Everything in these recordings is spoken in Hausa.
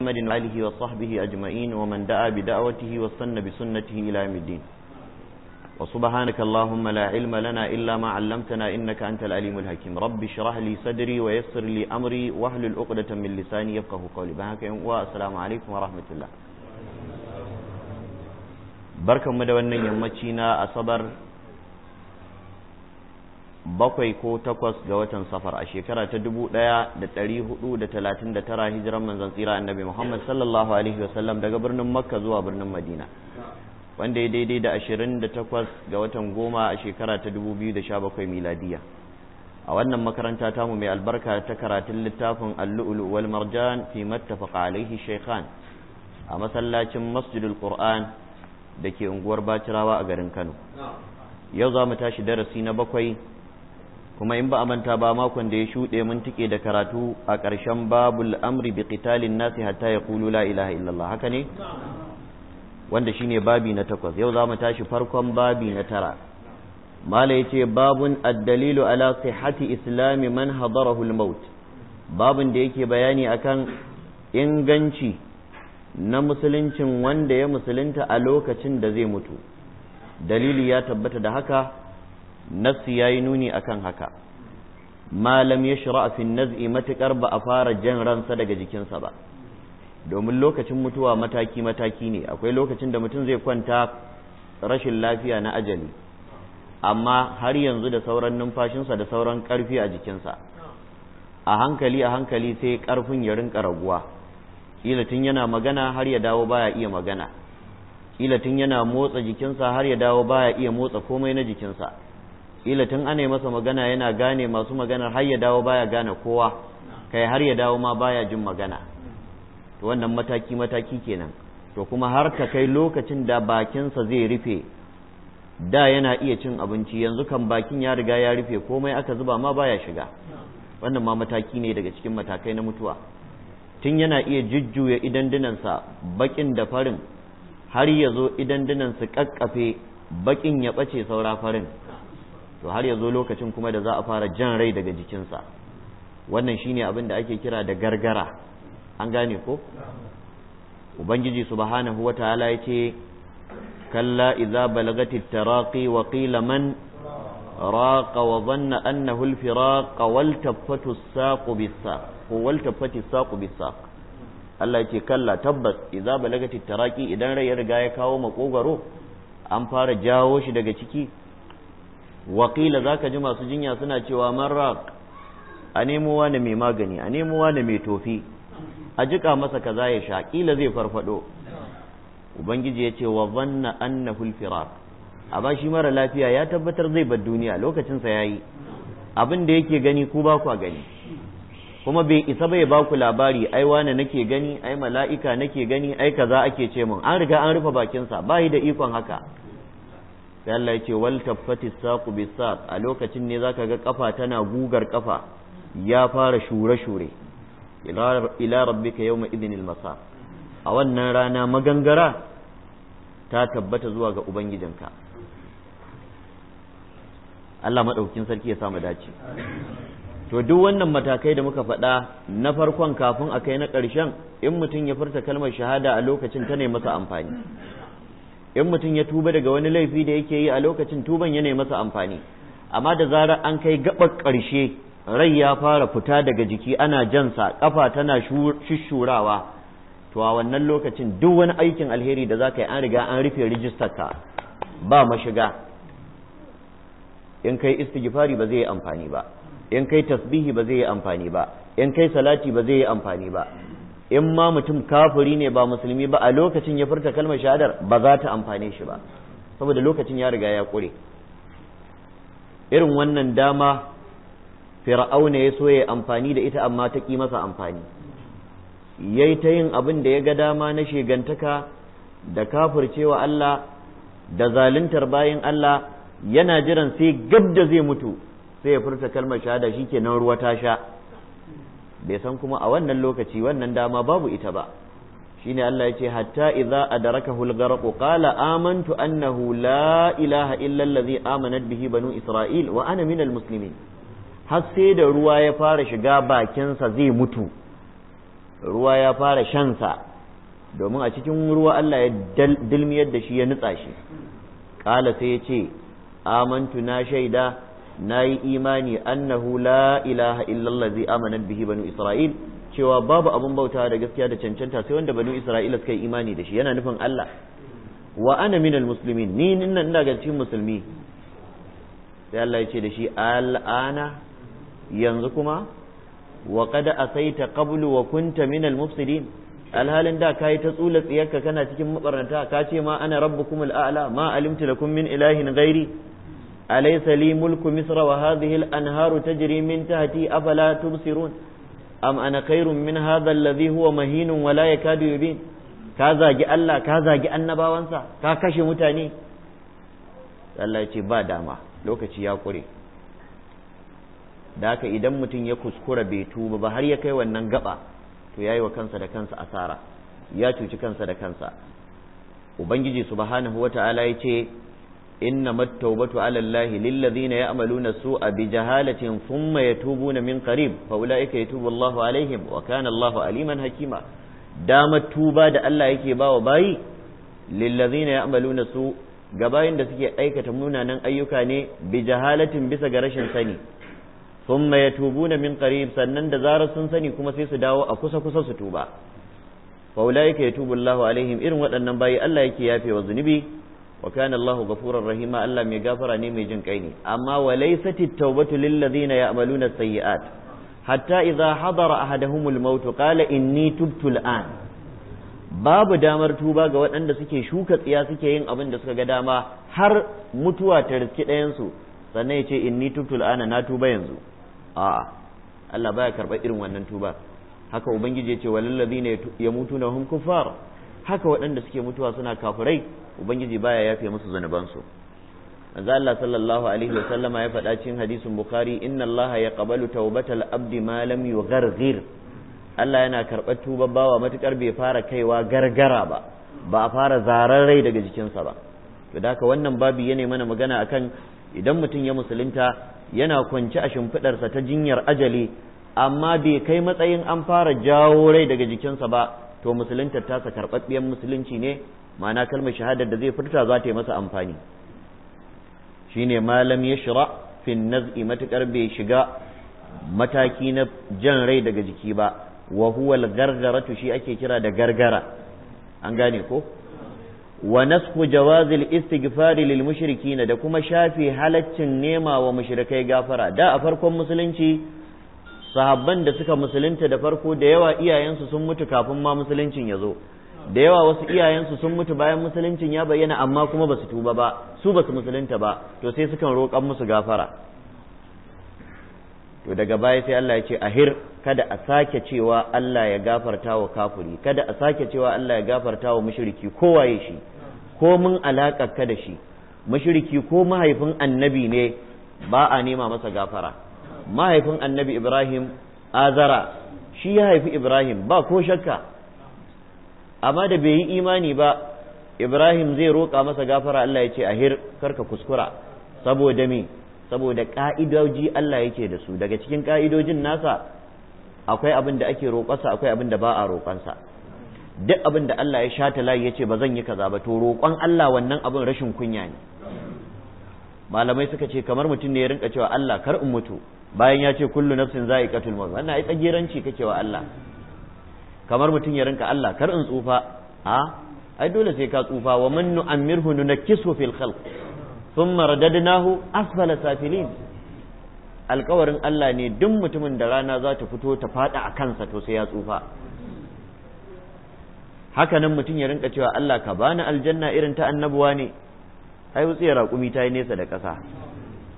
محمد وآله وصحبه أجمعين ومن دعا بدعوته وصن بسنته إلى يوم الدين وسبحانك اللهم لا علم لنا إلا ما علمتنا إنك أنت العليم الحكيم رب اشرح لي صدري ويسر لي أمري واحلل عقدة من لساني يفقه قولي بهاك والسلام عليكم ورحمة الله بركة مدونة يمتينا أصبر bakwai ko takwas ga watan safar a shekara ta dubu ɗaya da ɗari hudu da talatin da tara hijiran manzon tsira annabi muhammad sallallahu alaihi wasallam daga birnin makka zuwa birnin madina wanda ya daidai da ashirin da takwas ga watan goma a shekara ta dubu biyu da sha bakwai miladiya a wannan makaranta tamu mai albarka ta karatun littafin allu'ulu wal marjan fi mattafaqa alaihi shaykhan a masallacin masjidul qur'an da ke unguwar bacirawa a garin kano yau za mu tashi darasi na bakwai kuma in ba a manta ba makon da ya shuɗe mun tike da karatu a ƙarshen babul amri bi qitalin nasi hatta yaqulu la ilaha illallah haka ne wanda shine babi na takwas yau za mu tashi farkon babi na tara mala yace babun ad-dalilu ala sihhati islami man hadarahu al babun da yake bayani akan inganci na musuluncin wanda ya musulunta a lokacin da zai mutu dalili ya tabbata da haka nassi yi nuni a kan haka malam ya shira a naz'i matuƙar ba a fara jan ransa daga jikinsa ba domin lokacin mutuwa mataki mataki ne akwai lokacin da mutum zai kwanta rashin lafiya na ajali amma har yanzu da sauran numfashinsa da sauran karfi a jikinsa a hankali a hankali sai ƙarfin ya rinka raguwa kila tun yana magana har ya dawo baya iya magana ila tun yana motsa jikinsa har ya dawo baya iya motsa komai na jikinsa ila tun ana masa magana yana gane masu magana har ya dawo baya gane kowa kai har ya dawo ma baya jin magana to wannan mataki mataki kenan to kuma har ka kai lokacin da bakinsa zai rufe da yana iya cin abinci yanzu kan bakin ya riga ya rufe komai aka zuba ma baya shiga wannan ma mataki ne daga cikin matakai na mutuwa tun yana iya jujjuya idandunansa bakin da farin har ya zo idandunansa kakkafe bakin ya bace saura farin to har ya zo lokacin kuma da za a fara jan rai daga jikinsa wannan shine abin da ake kira da gargara an gane ko ubangiji subhanahu wa ta'ala yace kalla idza balagati taraqi wa man raqa wa dhanna annahu al-firaq wal taffatu as-saqu bis wal Allah yace kalla tabbas idza balagati taraqi idan rai ya riga ya kawo makogaro an fara jawo shi daga ciki wakila za ka ji masu jinya suna cewa marraq a nemo wani mai magani a nemo wani mai tofi a jika masa kaza ya sha kila zai farfado ubangiji ya ce wa zanna annahu alfiraq a ba shi mara lafiya ya tabbatar zai bar duniya lokacin sa yayi abin da yake gani ku ba kwa gani kuma bai isa bai ba ku labari ai wane nake gani ai mala'ika nake gani ai kaza ake ce mun an riga an rufe bakin sa bai da ikon haka sai Allah yake wal tafati saqu bi saq a lokacin ne zaka ga kafa tana gugar kafa ya fara shure shure ila rabbika yawma idhinil masa a wannan rana magangara ta tabbata zuwa ga ubangijinka Allah madaukin sarki ya samu dace to duk wannan matakai da muka faɗa na farkon kafin a kai na ƙarshen in mutum ya furta kalmar shahada a lokacin ta ne masa amfani in mutum ya tuba daga wani laifi da yake yi a lokacin tuban yana masa amfani amma da zarar an kai gabar ƙarshe rai ya fara fita daga jiki ana jansa kafa tana shushurawa to a wannan lokacin duk wani aikin alheri da zaka ka yi an riga an rufe rijistar ka ba mashiga in kai istighfari ba zai yi amfani ba in kai tasbihi ba zai yi amfani ba in kai salati ba zai yi amfani ba in ma mutum kafiri ne ba musulmi ba a lokacin ya furta kalmar shahadar ba za ta amfane shi ba saboda lokacin ya riga ya kure irin wannan dama fir'auna ya so ya amfani da ita amma ta ƙi masa amfani yayi ta yin abin da ya ga dama na shegantaka da kafircewa Allah da zaluntar bayin Allah yana jiran sai gab da zai mutu sai ya furta kalmar shahada shikenan ruwa ta sha bai san kuma a wannan lokaci wannan dama babu ita ba shine Allah ya ce hatta idza adrakahu al-gharq qala amantu annahu la ilaha illa allazi amanat bihi banu isra'il wa ana min al-muslimin har sai da ruwa ya fara shiga bakinsa zai mutu ruwa ya fara shansa domin a cikin ruwa Allah ya dilmiyar da shi ya nutsa shi kala sai ya ce amantu na shaida na yi imani annahu la ilaha illallah zai amana bihi banu isra'il cewa babu abun bautawa da gaskiya da cancanta sai wanda banu isra'ila suka yi imani da shi yana nufin Allah wa ana minal muslimin ni ina ina ga cikin musulmi sai Allah ya ce da shi al'ana yanzu kuma wa qad asaita qablu wa kunta minal mufsidin alhalin da kai ta tsula tsiyarka kana cikin mabarnata ka ce ma ana rabbukumul a'la ma alimtu lakum min ilahin ghairi alai li mulku misra wa hadhihi al-anharu tajri min tahti afala tubsirun am ana khairun min hadha alladhi huwa mahinun wa la yakadu yubin ka zagi Allah ka zagi annabawansa ka kashe mutane Allah ce ba dama lokaci ya kure da haka idan mutum ya kuskura bai tuba ba har ya kai wannan gaɓa to ya yi wa kansa da kansa asara ya cuci kansa da kansa ubangiji subhanahu wata'ala ya ce إنما التوبة على الله للذين يعملون السوء بجهالة ثم يتوبون من قريب فأولئك يتوب الله عليهم وكان الله أليما حكيما دام التوبة دا الله يكيبا وباي للذين يعملون السوء gabayin da suke aikata munanan ayyuka ne bi bisa ga rashin sani thumma yatubuna min qarib sannan da zarar sun sani kuma sai su dawo a kusa kusa su tuba fa ulaika yatubu Allahu alaihim irin waɗannan bayi Allah yake wa zunubi wa kana Allahu ghafurur rahima Allah mai gafara ne mai jin kai ne amma wa laysatit tawbatu lil ladina ya'maluna sayyi'at hatta idza hadara ahaduhumul maut qala inni tubtu al'an babu damar tuba ga waɗanda suke shuka tsiya suke yin abin da suka ga dama har mutuwa ta riski ɗayansu sannan ya ce inni tubtu al'ana na tuba yanzu a'a Allah baya karɓar irin wannan tuba haka ubangiji ya ce walal ladina yamutuna hum kuffar haka waɗanda suke mutuwa suna kafirai ubangiji baya yafe musu zunubansu manzo Allah sallallahu alaihi wa sallama ya faɗa cikin hadisin bukhari inna Allah yaqbalu tawbatal abdi ma lam yugharghir Allah yana karɓar tuba bawa matukar bai fara kaiwa gargara ba ba a fara zarar rai daga jikinsa ba to da haka wannan babi yana mana magana akan idan mutum ya musulunta yana kwance a shimfiɗarsa ta jinyar ajali amma bai kai matsayin an fara jawo rai daga jikinsa ba to musuluntar tasa karɓaɓɓiyar musulunci ne ma'ana kalmar shahadar da zai furta za ta yi masa amfani shine malam ya shira fi naz'i matuƙar bai shiga mataki na jan rai daga jiki ba wa huwal gargaratu shi ake kira da gargara an gane ko wa nasku jawazil istighfari lil mushrikina da kuma shafi halaccin nema wa mushrikai gafara da a farkon musulunci sahabban da suka musulunta da farko da yawa iyayensu sun mutu kafin ma musuluncin ya zo da yawa wasu iyayensu sun mutu bayan musuluncin ya bayyana amma kuma basu tuba ba su basu musulunta ba to sai sukan roƙan musu gafara to daga baya sai Allah ya ce ahir kada a sake cewa Allah ya gafarta wa kafuri kada a sake cewa Allah ya gafarta wa mushriki waye shi ko mun alakar ka da shi mushriki ko mahaifin annabi ne ba a nema masa gafara mahaifin annabi Ibrahim azara shi ya haifi Ibrahim ba ko shakka amma da bai yi imani ba ibrahim zai roƙa masa gafara allah ya ce ahir karka kuskura saboda me saboda ƙa'idoji allah yake da su daga cikin ƙa'idojin nasa akwai abin da ake roƙonsa akwai abin da ba a roƙonsa duk abin da allah ya shata layi ya ce ba zan yi kaza ba to roƙon allah wannan abin rashin kunya ne malamai suka ce kamar mutum ne ya rinka cewa allah kar in mutu bayan ya ce kullu nafsin za'iqatul maut wannan ai tsagiranci kake wa allah kamar mutum ya rinka Allah kar in tsufa a ai dole sai ka tsufa wa man nu'ammirhu nunakkisu fil khalq thumma radadnahu asfala safilin alkawarin Allah ne duk mutumin da rana za ta fito ta fada a kansa to sai ya tsufa haka nan mutum ya rinka cewa Allah ka bani aljanna irin ta annabuwa ne ai wutsiyar raƙumi ta yi nesa da ƙasa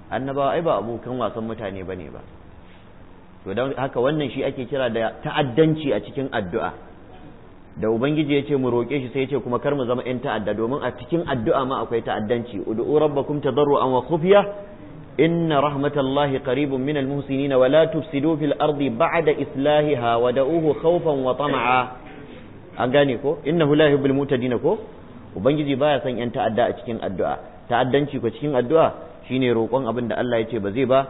annabawa ai ba abokan wasan mutane bane ba, ne ba. to don haka wannan shi ake kira da ta'addanci a cikin addu'a da ubangiji ya ce mu roƙe shi sai ya ce kuma kar mu zama 'yan ta'adda domin a cikin addu'a ma akwai ta'addanci ud'u rabbakum tadarruan wa khufiya inna rahmatallahi qaribun minal muhsinina wa la tufsidu fil ardi ba'da islahiha wa da'uhu khawfan wa tama'a an gane ko innahu la yuhibbul mutadina ko ubangiji baya son 'yan ta'adda a cikin addu'a ta'addanci ko cikin addu'a shine roƙon abin da Allah ya ce ba zai ba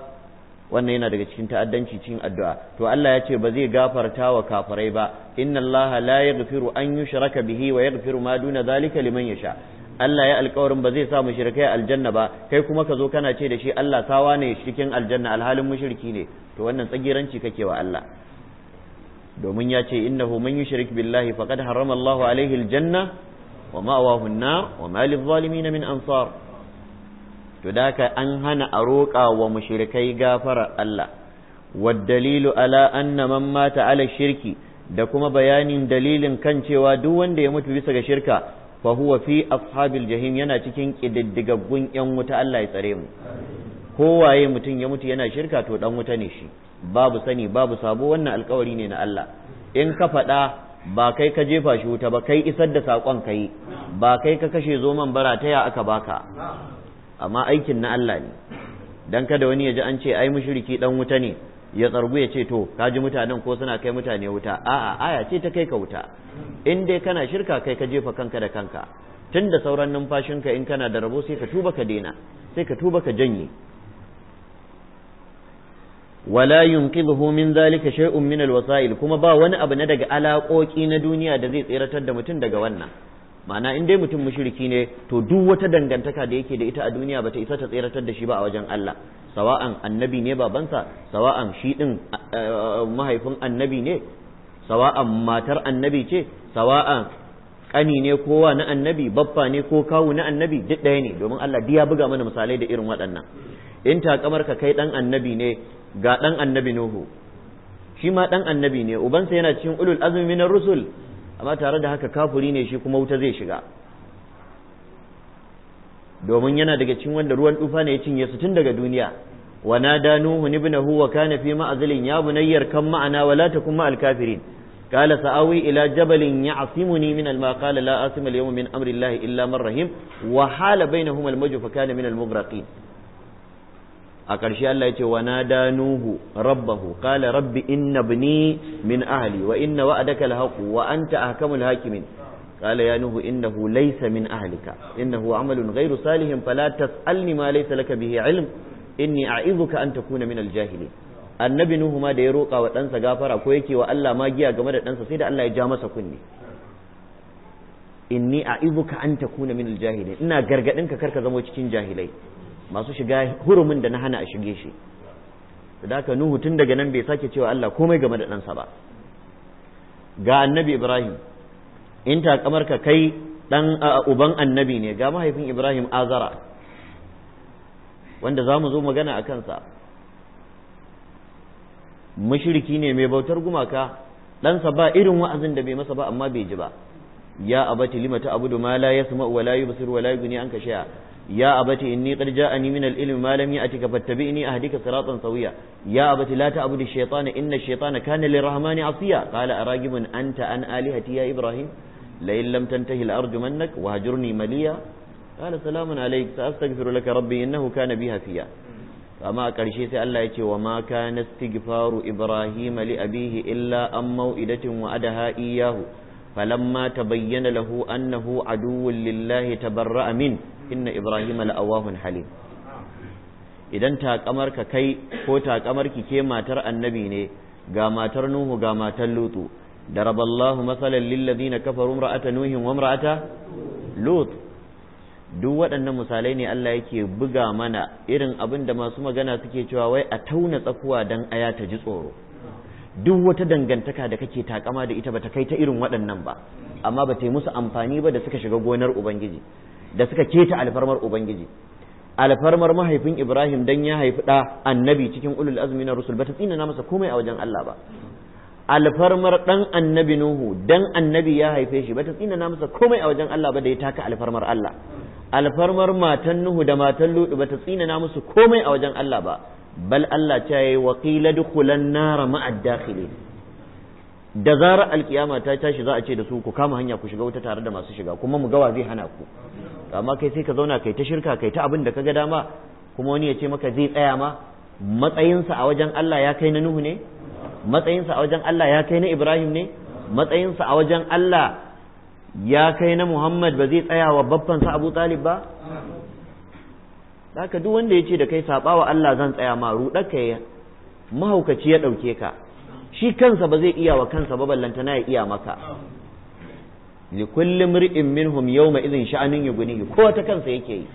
wannan yana daga cikin ta'addanci cikin addu'a to Allah ya ce ba zai gafarta wa kafirai ba inna Allah la yaghfiru an yushraka bihi wa yaghfiru ma duna zalika liman yasha Allah ya alƙawarin ba zai sa mushrikai aljanna ba kai kuma ka zo kana ce da shi Allah sawa ne cikin aljanna alhalin mushriki ne to wannan tsagiranci kake wa Allah domin ya ce innahu man yushrik billahi faqad harrama Allahu alaihi aljanna wa ma'awahu an-nar wa ma lil-zalimin min ansar to da haka an hana a roƙa wa mushrikai gafarar Allah waddalilu ala anna man mata ala shirki da kuma bayanin dalilin kan cewa duk wanda ya mutu bisa ga shirka fa huwa fi ashabil jahim yana cikin kididdigaggun yan wuta Allah ya tsare mu kowaye mutum ya mutu yana shirka to dan wuta ne shi babu sani babu sabo wannan alkawari ne na Allah in ka faɗa ba kai ka jefa shi wuta ba kai isar da sakon ka yi ba kai ka kashe zoman bara ta ya aka baka amma aikin na Allah ne dan kada wani ya ji an ce ai mushriki dan wuta ne ya tsargu ya ce to ka ji mutanen ko suna kai mutane wuta a'a aya ce ta kai ka wuta in dai kana shirka kai ka jefa kanka da kanka tun da sauran numfashinka in kana da rabo sai ka tuba ka daina sai ka tuba ka janye wala yunqidhu min zalika shay'un min alwasail kuma ba wani abu na daga alaƙoƙi na duniya da zai tseratar da mutum daga wannan ma'ana in dai mutum mushriki ne to duk wata dangantaka da yake da ita a duniya bata isa ta tseratar da shi ba a wajen Allah sawa'an annabi ne babansa sawa'an shi din eh, eh, mahaifin annabi ne sawa'an matar annabi ce sawa'an ƙani ne kowa na annabi baffa ne ko kawu na annabi duk ɗaya ne domin Allah duk ya buga mana misalai da irin waɗannan in takamar ka kai ɗan annabi ne ga ɗan annabi Nuhu shi ma ɗan annabi ne ubansa yana cikin ulul azumi na rusul amma tare da haka kafuri ne shi kuma wuta zai shiga domin yana daga cikin wanda ruwan tufa ne ya cinye su tun daga duniya wana nada nuhu ibnahu wa kana fi ma'azilin ya bunayyar kan ma'ana wala la takun ma'al kafirin قال سآوي إلى جبل يعصمني من الماء قال min آسم illa man rahim الله إلا من رحم وحال بينهما الموج فكان من المغرقين a ƙarshe Allah ya ce wa nada nuhu rabbahu qala rabbi inna ibni min ahli wa inna wa'adaka alhaq wa anta ahkamul hakimin qala ya nuhu innahu laysa min ahlika innahu amalun ghayru salihin fala tas'alni ma laysa laka bihi ilm inni a'izuka an takuna min aljahilin annabi nuhu ma da ya roƙa wa ɗansa gafara ko yake wa Allah magiya game da ɗansa sai da Allah ya ja masa kunne inni a'izuka an takuna min aljahilin ina gargadin ka karka zamo cikin jahilai masu shiga hurumin da na hana a shige shi da aka nuhu tun daga nan bai sake cewa Allah komai game da ɗansa ba ga annabi ibrahim in takamar ka kai ɗan uban annabi ne ga mahaifin ibrahim azara wanda za mu zo magana a kansa mashiriki ne mai bautar gumaka ɗansa ba irin wa'azin da bai masa ba amma bai ji ba ya abati lima ta abudu ma la yasma wa la yubsir wa la yughni anka shay'a يا أبتي إني قد جاءني من العلم ما لم يأتك فاتبعني أهدك صراطا سويا يا أبتي لا تعبد الشيطان إن الشيطان كان للرحمن عصيا قال أراجب أنت عن آلهتي يا إبراهيم لئن لم تنتهي لأرجمنك وهجرني مليا قال سلام عليك سأستغفر لك ربي إنه كان بها فيا فما قرشي سي الله يتي وما كان استغفار إبراهيم لأبيه إلا أن موئدة وأدها إياه فلما تبين له أنه عدو لله تبرأ منه inna ibrahim la'awahun halim idan takamar ka kai ko takamar ki ke matar annabi ne ga matar nuhu ga matar lutu daraballahu masalan lillazina kafaru imra'ata nuhin wa ra'ata lut duk waɗannan misalai ne Allah yake buga mana irin abin da masu magana suke cewa wai a tauna tsakuwa dan aya ta ji tsoro duk wata dangantaka da kake takama da ita bata kai ta irin waɗannan ba amma ba ta yi musu amfani ba da suka shiga gonar ubangiji da suka keta alfarmar ubangiji alfarmar mahaifin ibrahim dan ya haifi da annabi cikin ulul azmi na rusul bata tsina masa komai a wajen Allah ba alfarmar dan annabi nuhu dan annabi ya haife shi bata tsina masa komai a wajen Allah ba da ya taka alfarmar Allah alfarmar matan nuhu da matan ludu bata tsina musu komai a wajen Allah ba bal Allah ta yi waqila dukhulan nar ma'ad dakhilin da zarar alkiyama ta tashi za a ce da su ku kama hanya ku shiga wuta tare da masu shiga kuma mu gawa zai hana ku amma kai sai ka zauna kai ta shirka kai ta abin da ka ga dama kuma wani ya ce maka zai tsaya ma matsayinsa a wajen Allah ya kai na Nuhu ne matsayinsa a wajen Allah ya kai na Ibrahim ne matsayinsa a wajen Allah ya kai na Muhammad ba zai tsaya wa babbansa Abu Talib ba haka duk wanda ya ce da kai sabawa Allah zan tsaya ma ruɗa kai mahaukaci ya ɗauke ka shi kansa ba zai iya wa kansa ba ballantana ya iya maka li kulli mri'in minhum yawma idhin sha'anin yughnihi ko ta kansa yake yi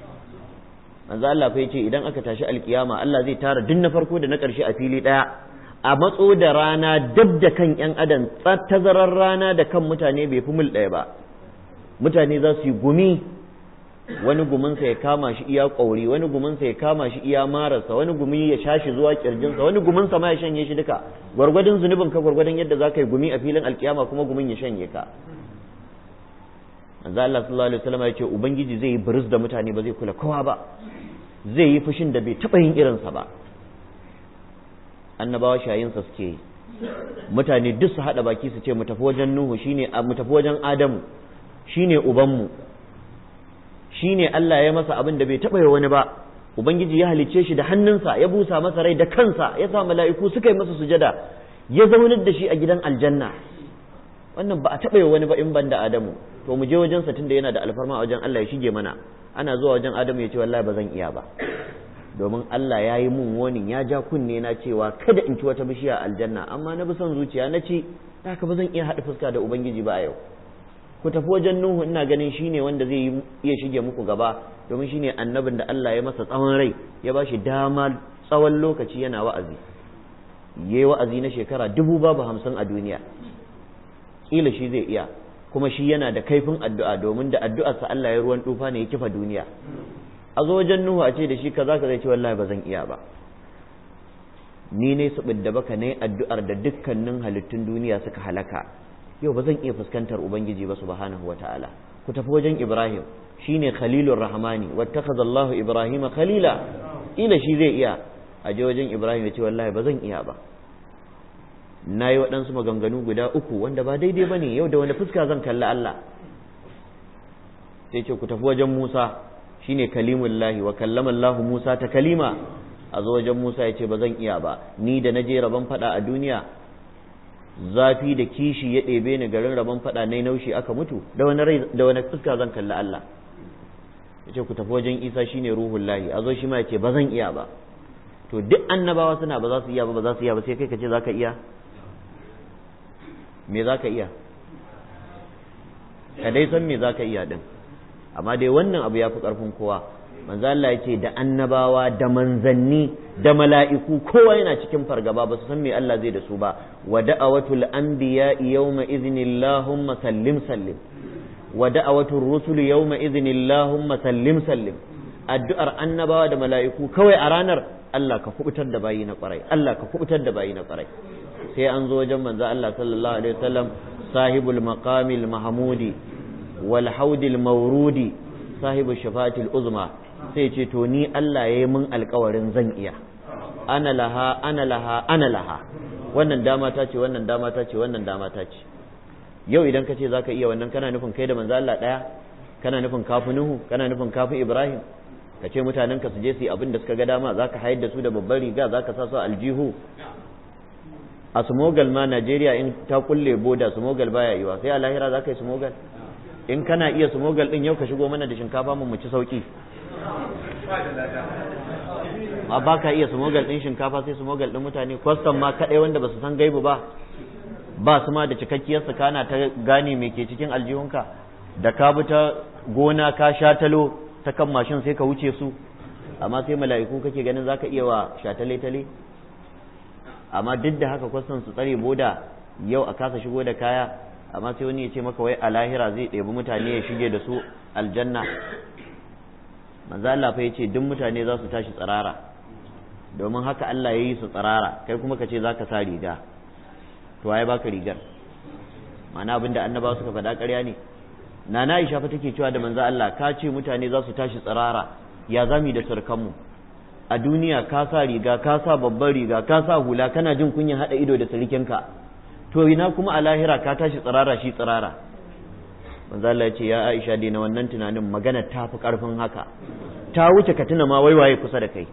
manzo Allah fa yace idan aka tashi alkiyama Allah zai tara duk na farko da na karshe a fili daya a matso da rana dab da kan yan adam tazarar rana da kan mutane bai fi mul daya ba mutane za su yi gumi wani guminsa ya kama shi iya ƙauri wani guminsa ya kama shi iya marasa wani gumi ya sha shi zuwa kirjinsa wani guminsa ma ya shanye shi duka gwargwadon zunubin ka gwargwadon yadda za ka yi gumi a filin alkiyama kuma gumin ya shanye ka manzo Allah sallallahu alaihi wasallam ya ce ubangiji zai yi buruz da mutane ba zai kula kowa ba zai yi fushin da bai taba yin irinsa ba annabawa shayinsa suke mutane duk su haɗa baki su ce mu tafi wajen nuhu shine mu tafi wajen adamu shine ubanmu Shi ne Allah ya masa abin da bai taɓa yi wani ba ubangiji ya halicce shi da hannunsa ya busa masa rai da kansa ya sa mala'iku suka yi masa sujada ya zaunar da shi a gidan aljanna wannan ba a taɓa yi wani ba in ban da adamu to mu je wajensa tunda yana da alfarma a wajen Allah ya shige mana ana zuwa wajen adamu ya ce wallahi ba zan iya ba domin Allah ya yi mun wani ya ja kunne na cewa kada in ci wata bishiya aljanna amma na bi son zuciya na ce haka ba zan iya haɗa fuska da ubangiji ba a yau ku tafi wajen nuhu ina ganin shine wanda zai iya shige muku gaba domin shine annabin da Allah ya masa tsawon rai ya ba shi dama tsawon lokaci yana wa'azi ya yi wa'azi na shekara dubu babu hamsin a duniya ƙila shi zai iya kuma shi yana da kaifin addu'a domin da addu'arsa Allah ya ruwan tufa ne ya kifa duniya a zo wajen nuhu a ce da shi kaza kaza ce wallahi ba zan iya ba ni ne su da baka ne addu'ar da dukkanin halittun duniya suka halaka yau ba zan iya fuskantar ubangiji ba subhanahu wataala ku tafi wajen ibrahim shine khalilur rahmani wattakhadha allah ibrahima khalila ila shi zai iya a je wajen ibrahim ya ce wallahi ba zan iya ba na yi waɗansu maganganu guda uku wanda ba daidai ba ne yau da wani fuska zan kalli allah sai ce ku tafi wajen musa shine kalimullahi wa kallama allah musa ta kalima a zo wajen musa ya ce ba zan iya ba ni da na je rabon faɗa a duniya zafi da kishi ya ɗebe ni garin rabon faɗa na naushi aka mutu da wani fuska zan kalli Allah yace ku tafi wajen Isa shine ruhul lahi azo shi ma yace ba zan iya ba to duk annabawa suna ba za su iya ba ba za su iya ba sai kai ka ce zaka iya me zaka iya ka dai san me zaka iya din amma dai wannan abu ya fi karfin kowa manzo Allah ya ce da annabawa da manzanni da mala'iku kowa yana cikin fargaba ba su san me Allah zai da su ba wa da'awatul anbiya yawma idhnillahumma sallim sallim wa da'awatul rusul yawma idhnillahumma sallim sallim addu'ar annabawa da mala'iku kawai a ranar Allah ka kubutar da bayi na kwarai Allah ka kubutar da bayi na kwarai sai an zo wajen manzo Allah sallallahu alaihi wasallam sahibul maqamil mahmudi wal haudil mawrudi sahibu shafatil uzma sai ce to ni Allah ya yi min alkawarin zan iya ana laha ana laha ana laha wannan dama ta ce wannan dama ta ce wannan dama ta ce yau idan ka ce za ka iya wannan kana nufin kai da manzo Allah ɗaya kana nufin kafu Nuhu kana nufin kafu Ibrahim ka ce mutanen ka su je su yi abin da suka ga dama za ka haidda da su da babban riga za ka sa su aljihu a smogal ma Najeriya in ta kulle boda smogal baya yiwa sai a lahira za ka yi smogal in kana iya smogal din yau ka shigo mana da shinkafa mu mu ci sauki a ba ka iya sumogal ɗin shinkafa sai sumogal ɗin mutane kwastan ma kaɗai wanda ba su san gaibu ba ba su ma da cikakkiyar su kana ta gane mai ke cikin aljihunka da ka bi ta gona ka sha ta kan mashin sai ka wuce su amma sai mala'iku kake ganin za ka iya wa shatale-tale amma duk da haka kwastan su tsare boda yau a kasa shigo da kaya amma sai wani ya ce maka wai a lahira zai ɗebi mutane ya shige da su aljanna manzo Allah fa yace duk mutane za su tashi tsirara domin haka Allah ya yi su tsirara kai kuma ka ce za ka sa riga to ai baka rigar ma'ana abin da annaba suka faɗa ƙarya ne nana Aisha fa take cewa da manzo Allah ka ce mutane za su tashi tsirara ya zami da surukanmu. a duniya ka sa riga ka sa babbar riga ka sa hula kana jin kunyin haɗa ido da sarkinka to ina kuma a lahira ka tashi tsirara shi tsirara manzo Allah ya ce ya Aisha dai na wannan tunanin magana ta fi karfin haka ta wuce ka tuna ma waiwaye kusa da kai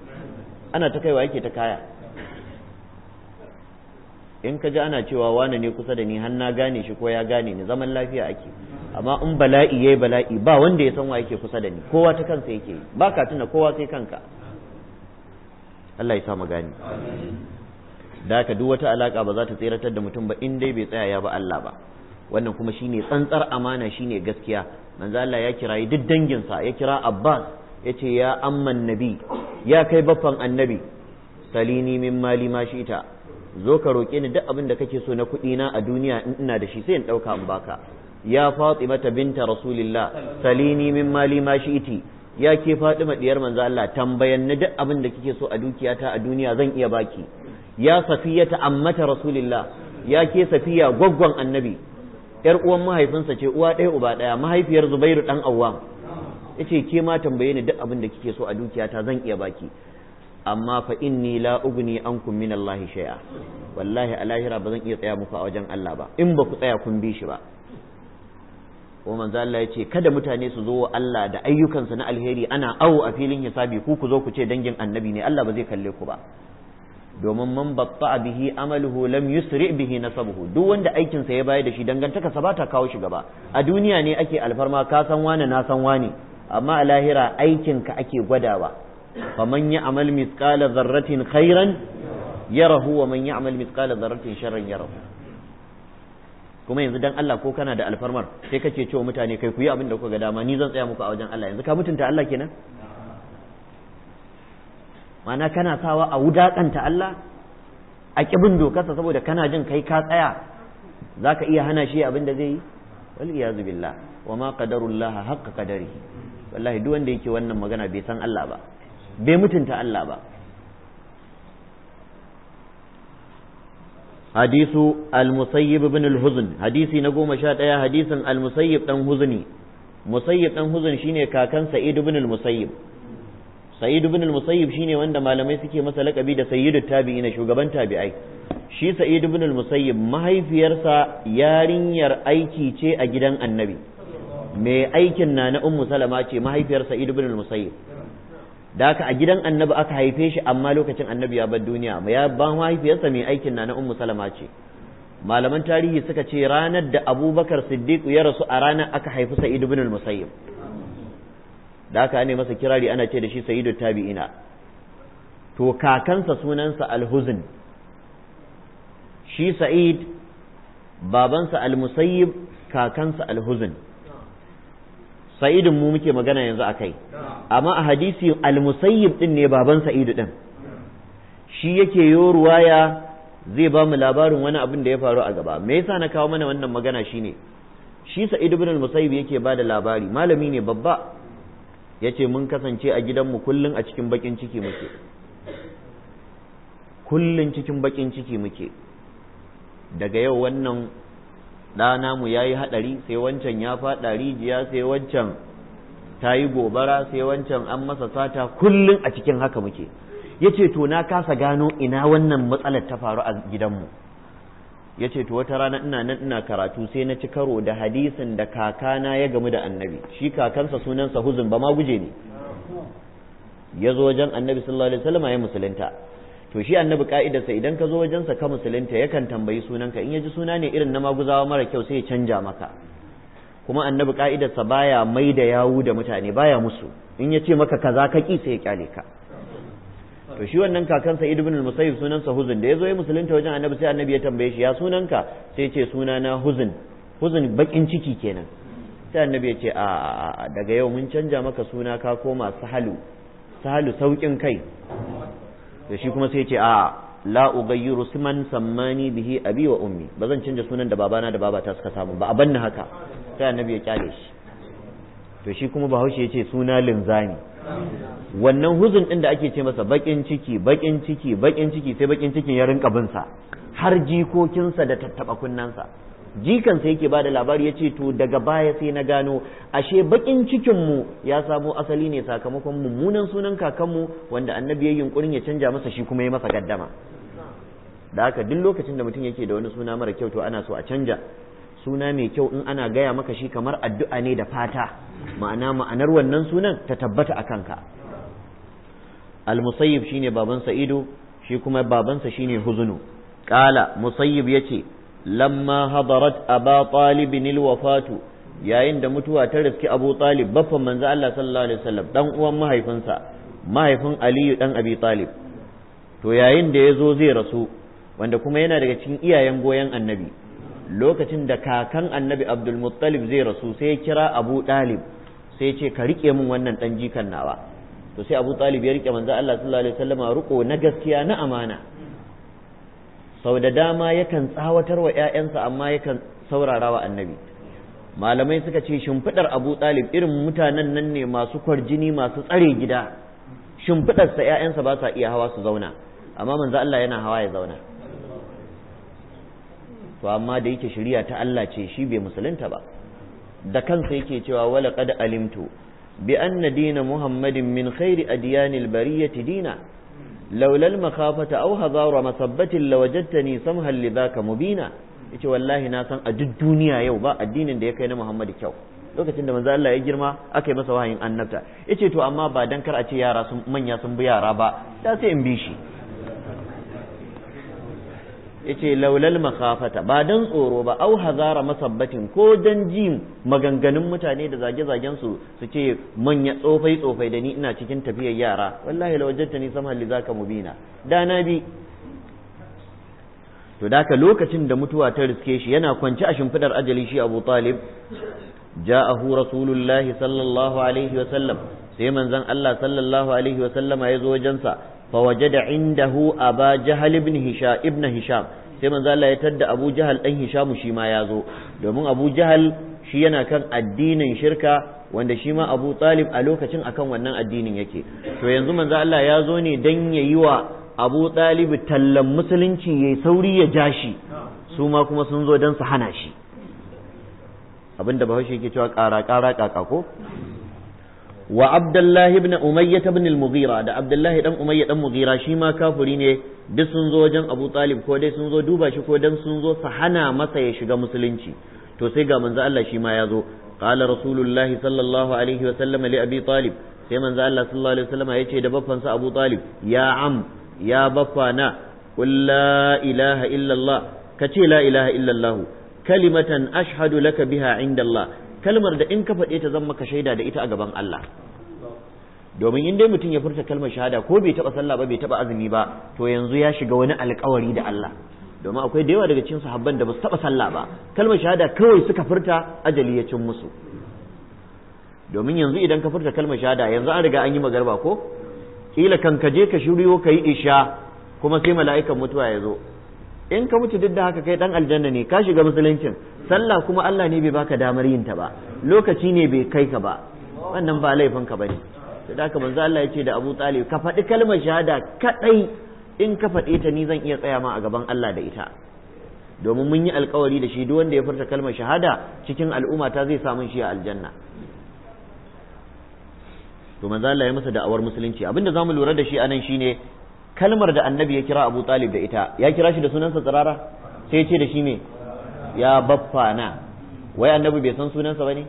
ana ta kaiwa yake ta kaya in ka ji ana cewa wane ne kusa da ni har na gane shi ko ya gane ni zaman lafiya ake amma in bala'i yayi bala'i ba wanda ya san wa yake kusa da ni kowa ta kansa yake ba ka tuna kowa sai kanka Allah ya sa mu gane da ka duk wata alaka ba za ta tseratar da mutum ba in dai bai tsaya ya ba Allah ba wannan kuma shine tsantsar amana shine gaskiya manzo Allah ya kirayi duk danginsa ya kira Abbas ya ce ya amman nabi ya kai baffan annabi salini min mali ma shi ita zo ka roƙe ni duk abin da kake so na kuɗi na a duniya in ina da shi sai in ɗauka in baka ya mata binta rasulillah salini min mali ma shi iti ya ke Fatima diyar manzo Allah tambayan ni duk abin da kike so a dukiyata a duniya zan iya baki ya safiyata ammata rasulillah ya ke safiya gwaggwan annabi yar uwan mahaifinsa ce uwa ɗaya uba ɗaya mahaifiyar Zubairu ɗan awam Ya ce ke ma tambaye ni duk abin da kike so a dukiyata zan iya baki amma fa inni la ugni ankum min Allah shay'a wallahi a lahira ba zan iya tsaya muku a wajen Allah ba in ba ku tsaya kun bi shi ba ko manzo Allah ya ce kada mutane su zo wa Allah da ayyukansa na alheri ana awo a filin hisabi ku ku zo ku ce dangin annabi ne Allah ba zai kalle ku ba domin man batta bihi amaluhu lam yusri bihi nasabuhu duk wanda aikin sa ya bayar da shi dangantaka sa bata kawo shi gaba a duniya ne ake alfarma ka san wani na san wani amma a lahira aikin ka ake gwadawa man ya amal misqala dharratin khairan yarahu wa man ya amal misqala dharratin sharran yarahu kuma yanzu dan Allah ko kana da alfarmar sai kace cewa mutane kai ku yi abin da kuka ga dama ni zan tsaya muku a wajen Allah yanzu ka mutunta Allah kenan mana kana sawa a wudakanta Allah a kibin dokarsa saboda kana jin kai ka tsaya zaka iya hana shi abinda zai yi wal iyazu billah wa ma qadarullaha haqqa qadarihi wallahi duk wanda yake wannan magana bai san Allah ba bai mutunta Allah ba hadisu al-musayyab حديث المسيب بن الحزن حديثي نقوم hadisin al-musayyib dan huzni musayyib dan huzni shine kakan sa'idu ibn al musayyib sa'id ibn al-musayyib shine wanda malamai suke masa lakabi da sayyidu tabi'ina shugaban tabi'ai shi sa'id ibn al-musayyib mahaifiyarsa yarinyar aiki ce a gidan annabi mai aikin na na ummu salama ce mahaifiyar sa'id ibn al-musayyib da haka a gidan annabi aka haife shi amma lokacin annabi ya bar duniya ya ba mahaifiyarsa mai aikin na na ummu salama ce malaman tarihi suka ce ranar da abubakar siddiq ya rasu a ranar aka haifi sa'id ibn al-musayyib da aka ne masa kirari ana ce da shi sayidu tabi'ina to kakansa sunansa al-huzn shi sa'id babansa almusayyib kakansa al-huzn sa'idin mu muke magana yanzu akai amma a hadisi almusayyib din ne baban sa'idu din shi yake yo ruwaya zai ba mu labarin wani abin da ya faru a gaba me yasa na kawo mana wannan magana shine shi sa'id ibn al-musayyib yake bada labari malami ne babba yace mun kasance a gidanmu kullum a cikin bakin ciki muke kullum cikin bakin ciki muke daga yau wannan ɗana mu ya yi hadari sai wancan ya faɗa rijiya sai wancan ta yi gobara sai wancan an masa sata kullum a cikin haka muke yace to na kasa gano ina wannan matsalar ta faru a gidanmu ya ce to wata rana ina nan ina karatu sai na ci karo da hadisin da kakana ya gamu da annabi shi kakansa sunansa huzun ba ma guje ne ya zo wajen annabi sallallahu alaihi wasallam ya musulunta to shi annabi ka'idarsa idan ka zo wajensa ka musulunta yakan tambayi sunanka in ya ji suna ne irin na maguzawa mara kyau sai ya canja maka kuma annabi ka'idarsa baya mai da yawu da mutane baya musu in ya ce maka kaza ka ki sai ya kyale ka to shi wannan kakansa Ibn al-Musayyib sunansa Huzun da yazo ya musulunta wajen Annabi sai Annabi ya tambaye shi ya sunanka sai ce na Huzun Huzun bakin ciki kenan sai Annabi ya ce a daga yau mun canja maka suna ka koma Sahalu Sahalu saukin kai to shi kuma sai ya ce a la ugayyiru siman sammani bihi abi wa ummi ba zan canja sunan da babana da babata suka samu ba a banna haka sai Annabi ya kyale shi to shi kuma Bahaushe ya ce suna linzani wannan huzun ɗin da ake ce masa baƙin ciki baƙin ciki bakin ciki sai bakin cikin ya rinka binsa har jikokinsa da tattaba jikan jikansa yake ba da labari ya ce to daga baya sai na gano ashe bakin mu ya samo asali ne sakamakon mummunan sunan kakanmu wanda annabi ya yunƙurin ya canja masa shi kuma ya masa gaddama da haka duk lokacin da mutum yake da wani suna mara kyau to ana so a canja suna mai kyau in ana gaya maka shi kamar addu'a ne da fata ma'ana ma'anar wannan sunan ta tabbata a kanka al-musayyib shine baban sa'idu shi kuma babansa shine huzunu qala musayyib yace lamma hadarat aba talibin al-wafatu yayin da mutuwa ta riski abu talib baffan manzo Allah sallallahu alaihi wasallam dan uwan mahaifinsa mahaifin aliyu dan abi talib to yayin da ya zo zai rasu wanda kuma yana daga cikin iyayen goyon annabi lokacin da kakan annabi abdulmuttalib zai rasu sai ya kira abu ɗalib sai ce ka riƙe min wannan ɗan jikan nawa to sai abu ɗalib ya riƙe manzo Allah sallallahu alaihi wasallam riko na gaskiya na amana sau da dama yakan tsawatar wa ƴaƴansa amma yakan saurara wa annabi malamai suka ce shimfiɗar abu ɗalib irin mutanen nan ne masu kwarjini masu tsare gida shimfiɗarsa ƴaƴansa ba sa iya hawa su zauna amma manzo Allah yana hawa ya zauna to amma da yake shari'a ta Allah ce shi bai musulunta ba da kansa yake cewa wala qad alimtu bi anna dina muhammadin min khairi adyanil bariyati dina laula al makhafata aw hadara masabbatin lawajadtani samhan lidhaka mubina yace wallahi na san a duk duniya yau ba addinin da ya kai na muhammad kyau lokacin da manzo Allah ya girma aka yi masa wahayin annabta yace to amma ba dan kar a ce yara sun manya sun bi yara ba da sai in bi shi yace laulal makhafata ba dan tsoro ba au hazara masabbatin ko dan jin maganganun mutane da zage-zagen su su ce manya tsofai tsofai da ni ina cikin tafiyar yara wallahi lawajjatta ni sama li zaka mubina da na bi to daka lokacin da mutuwa ta riske shi yana kwance a shimfidar ajali shi Abu Talib ja'ahu rasulullahi sallallahu alaihi wa sallam sai manzon Allah sallallahu alaihi wa sallama ya wajensa فوجد عنده indahu aba jahal هشام hisham هشام sai manzo Allah ya tadda Abu Jahal dan Hisham shi ma ya zo domin Abu Jahal shi yana kan addinin shirka wanda shi ma Abu Talib a lokacin akan wannan addinin yake to yanzu manzo Allah ya zo ne dan yayi wa Abu Talib tallan musulunci yayi sauri ya ja shi su ma kuma sun zo dan su hana shi abinda Bahaushe yake cewa ƙara ƙara ƙaƙa ko wa abdullahi ibn umayya ibn al-mughira da abdullahi dan umayya dan mughira shi ma kafiri ne duk sun zo wajen abu talib ko dai sun zo duba shi ko dan sun zo su hana masa ya shiga musulunci to sai ga manzo Allah shi ma ya zo qala rasulullahi sallallahu alaihi wa sallam li abi talib sai manzo Allah sallallahu alaihi wa sallam ya ce da baffansa abu talib ya am ya baffana qul la ilaha allah kace la ilaha illallah kalimatan ashhadu laka biha inda Allah kalmar da in ka faɗe ta zan maka shaida da ita a gaban Allah domin in dai mutum ya furta kalmar shahada ko bai taɓa sallah ba bai taba azumi ba to yanzu ya shiga wani alkawari da Allah domin akwai da yawa daga cikin sahabban da ba su taɓa sallah ba kalmar shahada kawai suka furta ajali ya cin musu domin yanzu idan ka furta kalmar shahada yanzu an riga an yi magarba ko kila kan ka je ka shiryo ka yi isha kuma sai mala'ikan mutuwa ya zo in ka mutu duk da haka kai dan aljanna ne ka shiga musuluncin sallah kuma Allah ne bai baka damar yin ta ba lokaci ne bai kai ka ba wannan ba laifin ka bane to da haka manzo Allah ya ce da Abu Talib ka faɗi kalmar shahada kadai in ka faɗe ta ni zan iya tsaya ma a gaban Allah da ita domin mun yi alkawari da shi duk wanda ya furta kalmar shahada cikin al'umma ta zai samu shi a aljanna to manzo Allah ya masa da'awar musulunci abinda zamu lura da shi anan shine kalmar da annabi ya kira abu talib da ita ya kira shi da sunansa tsirara sai ya ce da shi ne ya baffa wai annabi bai san sunansa ba ne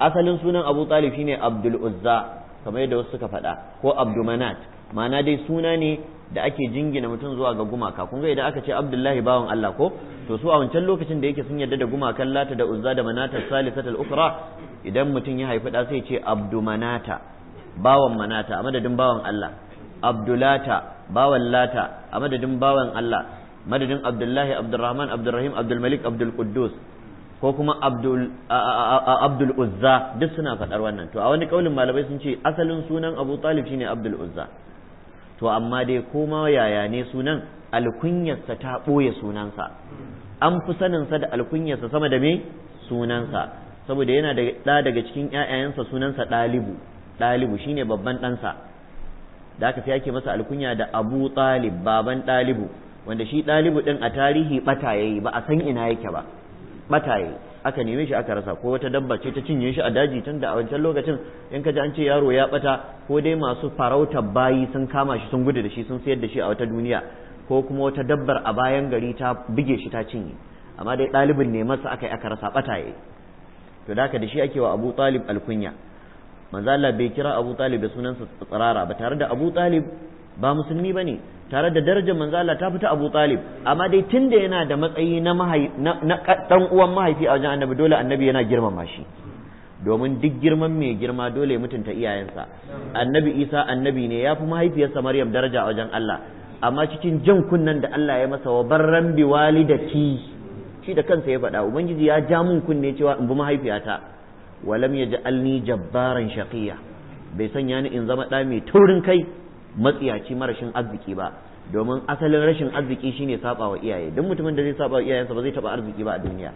asalin sunan abu talib shine abdul uzza kamar yadda wasu suka faɗa ko abdumanat Mana dai suna ne da ake jingina mutum zuwa ga gumaka kun ga idan aka ce abdullahi bawan allah ko to su a wancan lokacin da yake sun yarda da gumakan lata da uzza da manata al ukra idan mutum ya haifi da sai ce abdumanata bawan manata a madadin bawan allah abdulata bawan lata a madadin bawan Allah madadin abdullahi abdurrahman abdurrahim abdulmalik abdulkuddus ko kuma abdul uzza duk suna faɗar wannan to a wani kaulin malamai sun ce asalin sunan abu talib shine abdul uzza to amma dai koma yaya ne sunan alkunyarsa ta ɓoye sunansa an fi saninsa da alkunyarsa sama da me sunansa saboda yana da daga cikin 'ya'yansa sunansa ɗalibu ɗalibu shine babban ɗansa da aka fi ake masa alkunya da abu talib baban ɗalibu wanda shi ɗalibu ɗin a tarihi ɓata yi ba a san ina yake ba ɓata yi aka neme shi aka rasa ko wata dabba ce ta cinye shi a daji tun da a wancan lokacin in ka ji an ce yaro ya bata ko dai masu farautar bayi sun kama shi sun gudu da shi sun sayar da shi a wata duniya ko kuma wata dabbar a bayan gari ta buge shi ta cinye amma dai ɗalibin ne masa aka yi aka rasa bata yi to da da shi ake wa Abu Talib alkunya manzo Allah bai kira Abu Talib da sunansa tsirara ba tare da Abu Talib ba musulmi bane tare da darajar manzo Allah ta fita Abu Talib amma dai tunda yana da matsayi na dan uwan mahaifi a wajen annabi dole annabi yana girmama shi domin duk girman mai girma dole mutunta iyayensa annabi Isa annabi ne ya fi mahaifiyarsa Maryam daraja a wajen Allah amma cikin jin kunnen da Allah ya masa wa barran bi walidati shi da kansa ya faɗa ubangiji ya ja mun kunne cewa in bi mahaifiyata walam yaj'alni jabbaran shaqiya bai sanya ni in zama da mai taurin kai matsiyaci marashin arziki ba domin asalin rashin arziki shine saba wa iyaye duk mutumin da zai saba wa iyayensa ba zai taba arziki ba a duniya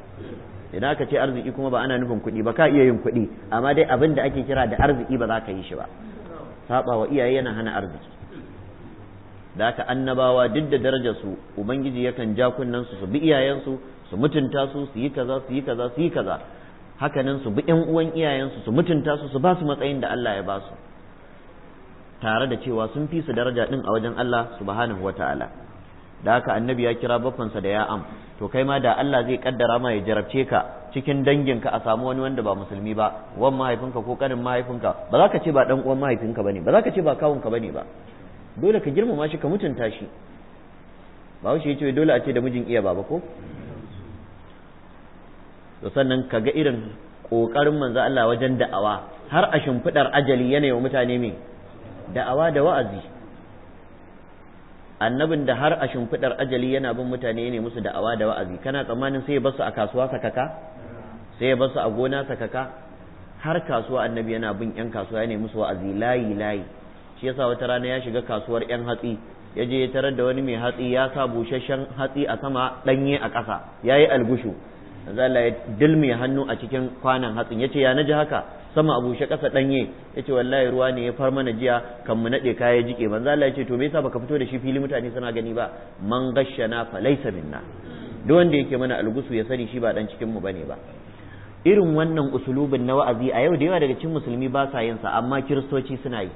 idan aka ce arziki kuma ba ana nufin kuɗi ba ka iya yin kuɗi amma dai abin da ake kira da arziki ba za ka yi shi ba saba wa iyaye yana hana arziki da aka annabawa duk da darajar su ubangiji yakan ja kunnen su su bi iyayensu su mutunta su su yi kaza su yi kaza su yi kaza hakanan su bi ƴan uwan iyayensu su mutunta su su ba su matsayin da Allah ya ba su tare da cewa sun fi su daraja din a wajen Allah subhanahu wataala da haka annabi ya kira bafansa da ya am to kai ma da Allah zai kaddara ma ya jarabce ka cikin danginka a samu wani wanda ba musulmi ba wan mahaifinka ko kanin mahaifinka ba za ka ce ba dan uwan mahaifinka bane ba za ka ce ba kawunka bane ba dole ka girmama shi ka mutunta shi ba wuce ya ce dole a ce da mijin iya baba ko to sannan kaga irin kokarin manzo Allah wajen da'awa har a shimfidar ajali yana wa mutane me da'awa da wa'azi annabin da har a shimfidar ajali yana bin mutane ne musu da'awa da wa'azi kana tsammanin sai ya basu a kasuwa sakaka sai ya basu a gona sakaka har kasuwa annabi yana bin yan kasuwa ne musu wa'azi layi layi shi yasa wata rana ya shiga kasuwar yan hatsi ya je ya tarar da wani mai hatsi ya sa busasshen hatsi a sama danye a ƙasa yayi algushu manzo Allah ya dilmi hannu a cikin kwanan hatsin ya ce ya naji haka sama abu bushe kasa danye yace wallahi ruwa ne ya far mana jiya kan mu naɗe kaya jike zala ya ce to me yasa baka fito da shi fili mutane suna gani ba man gashana fa laysa minna duk wanda yake mana algusu ya sani shi ba dan cikin mu ne ba irin wannan usulubin na wa'azi a yau da yawa daga cikin musulmi ba sa yin sa amma kiristoci suna yi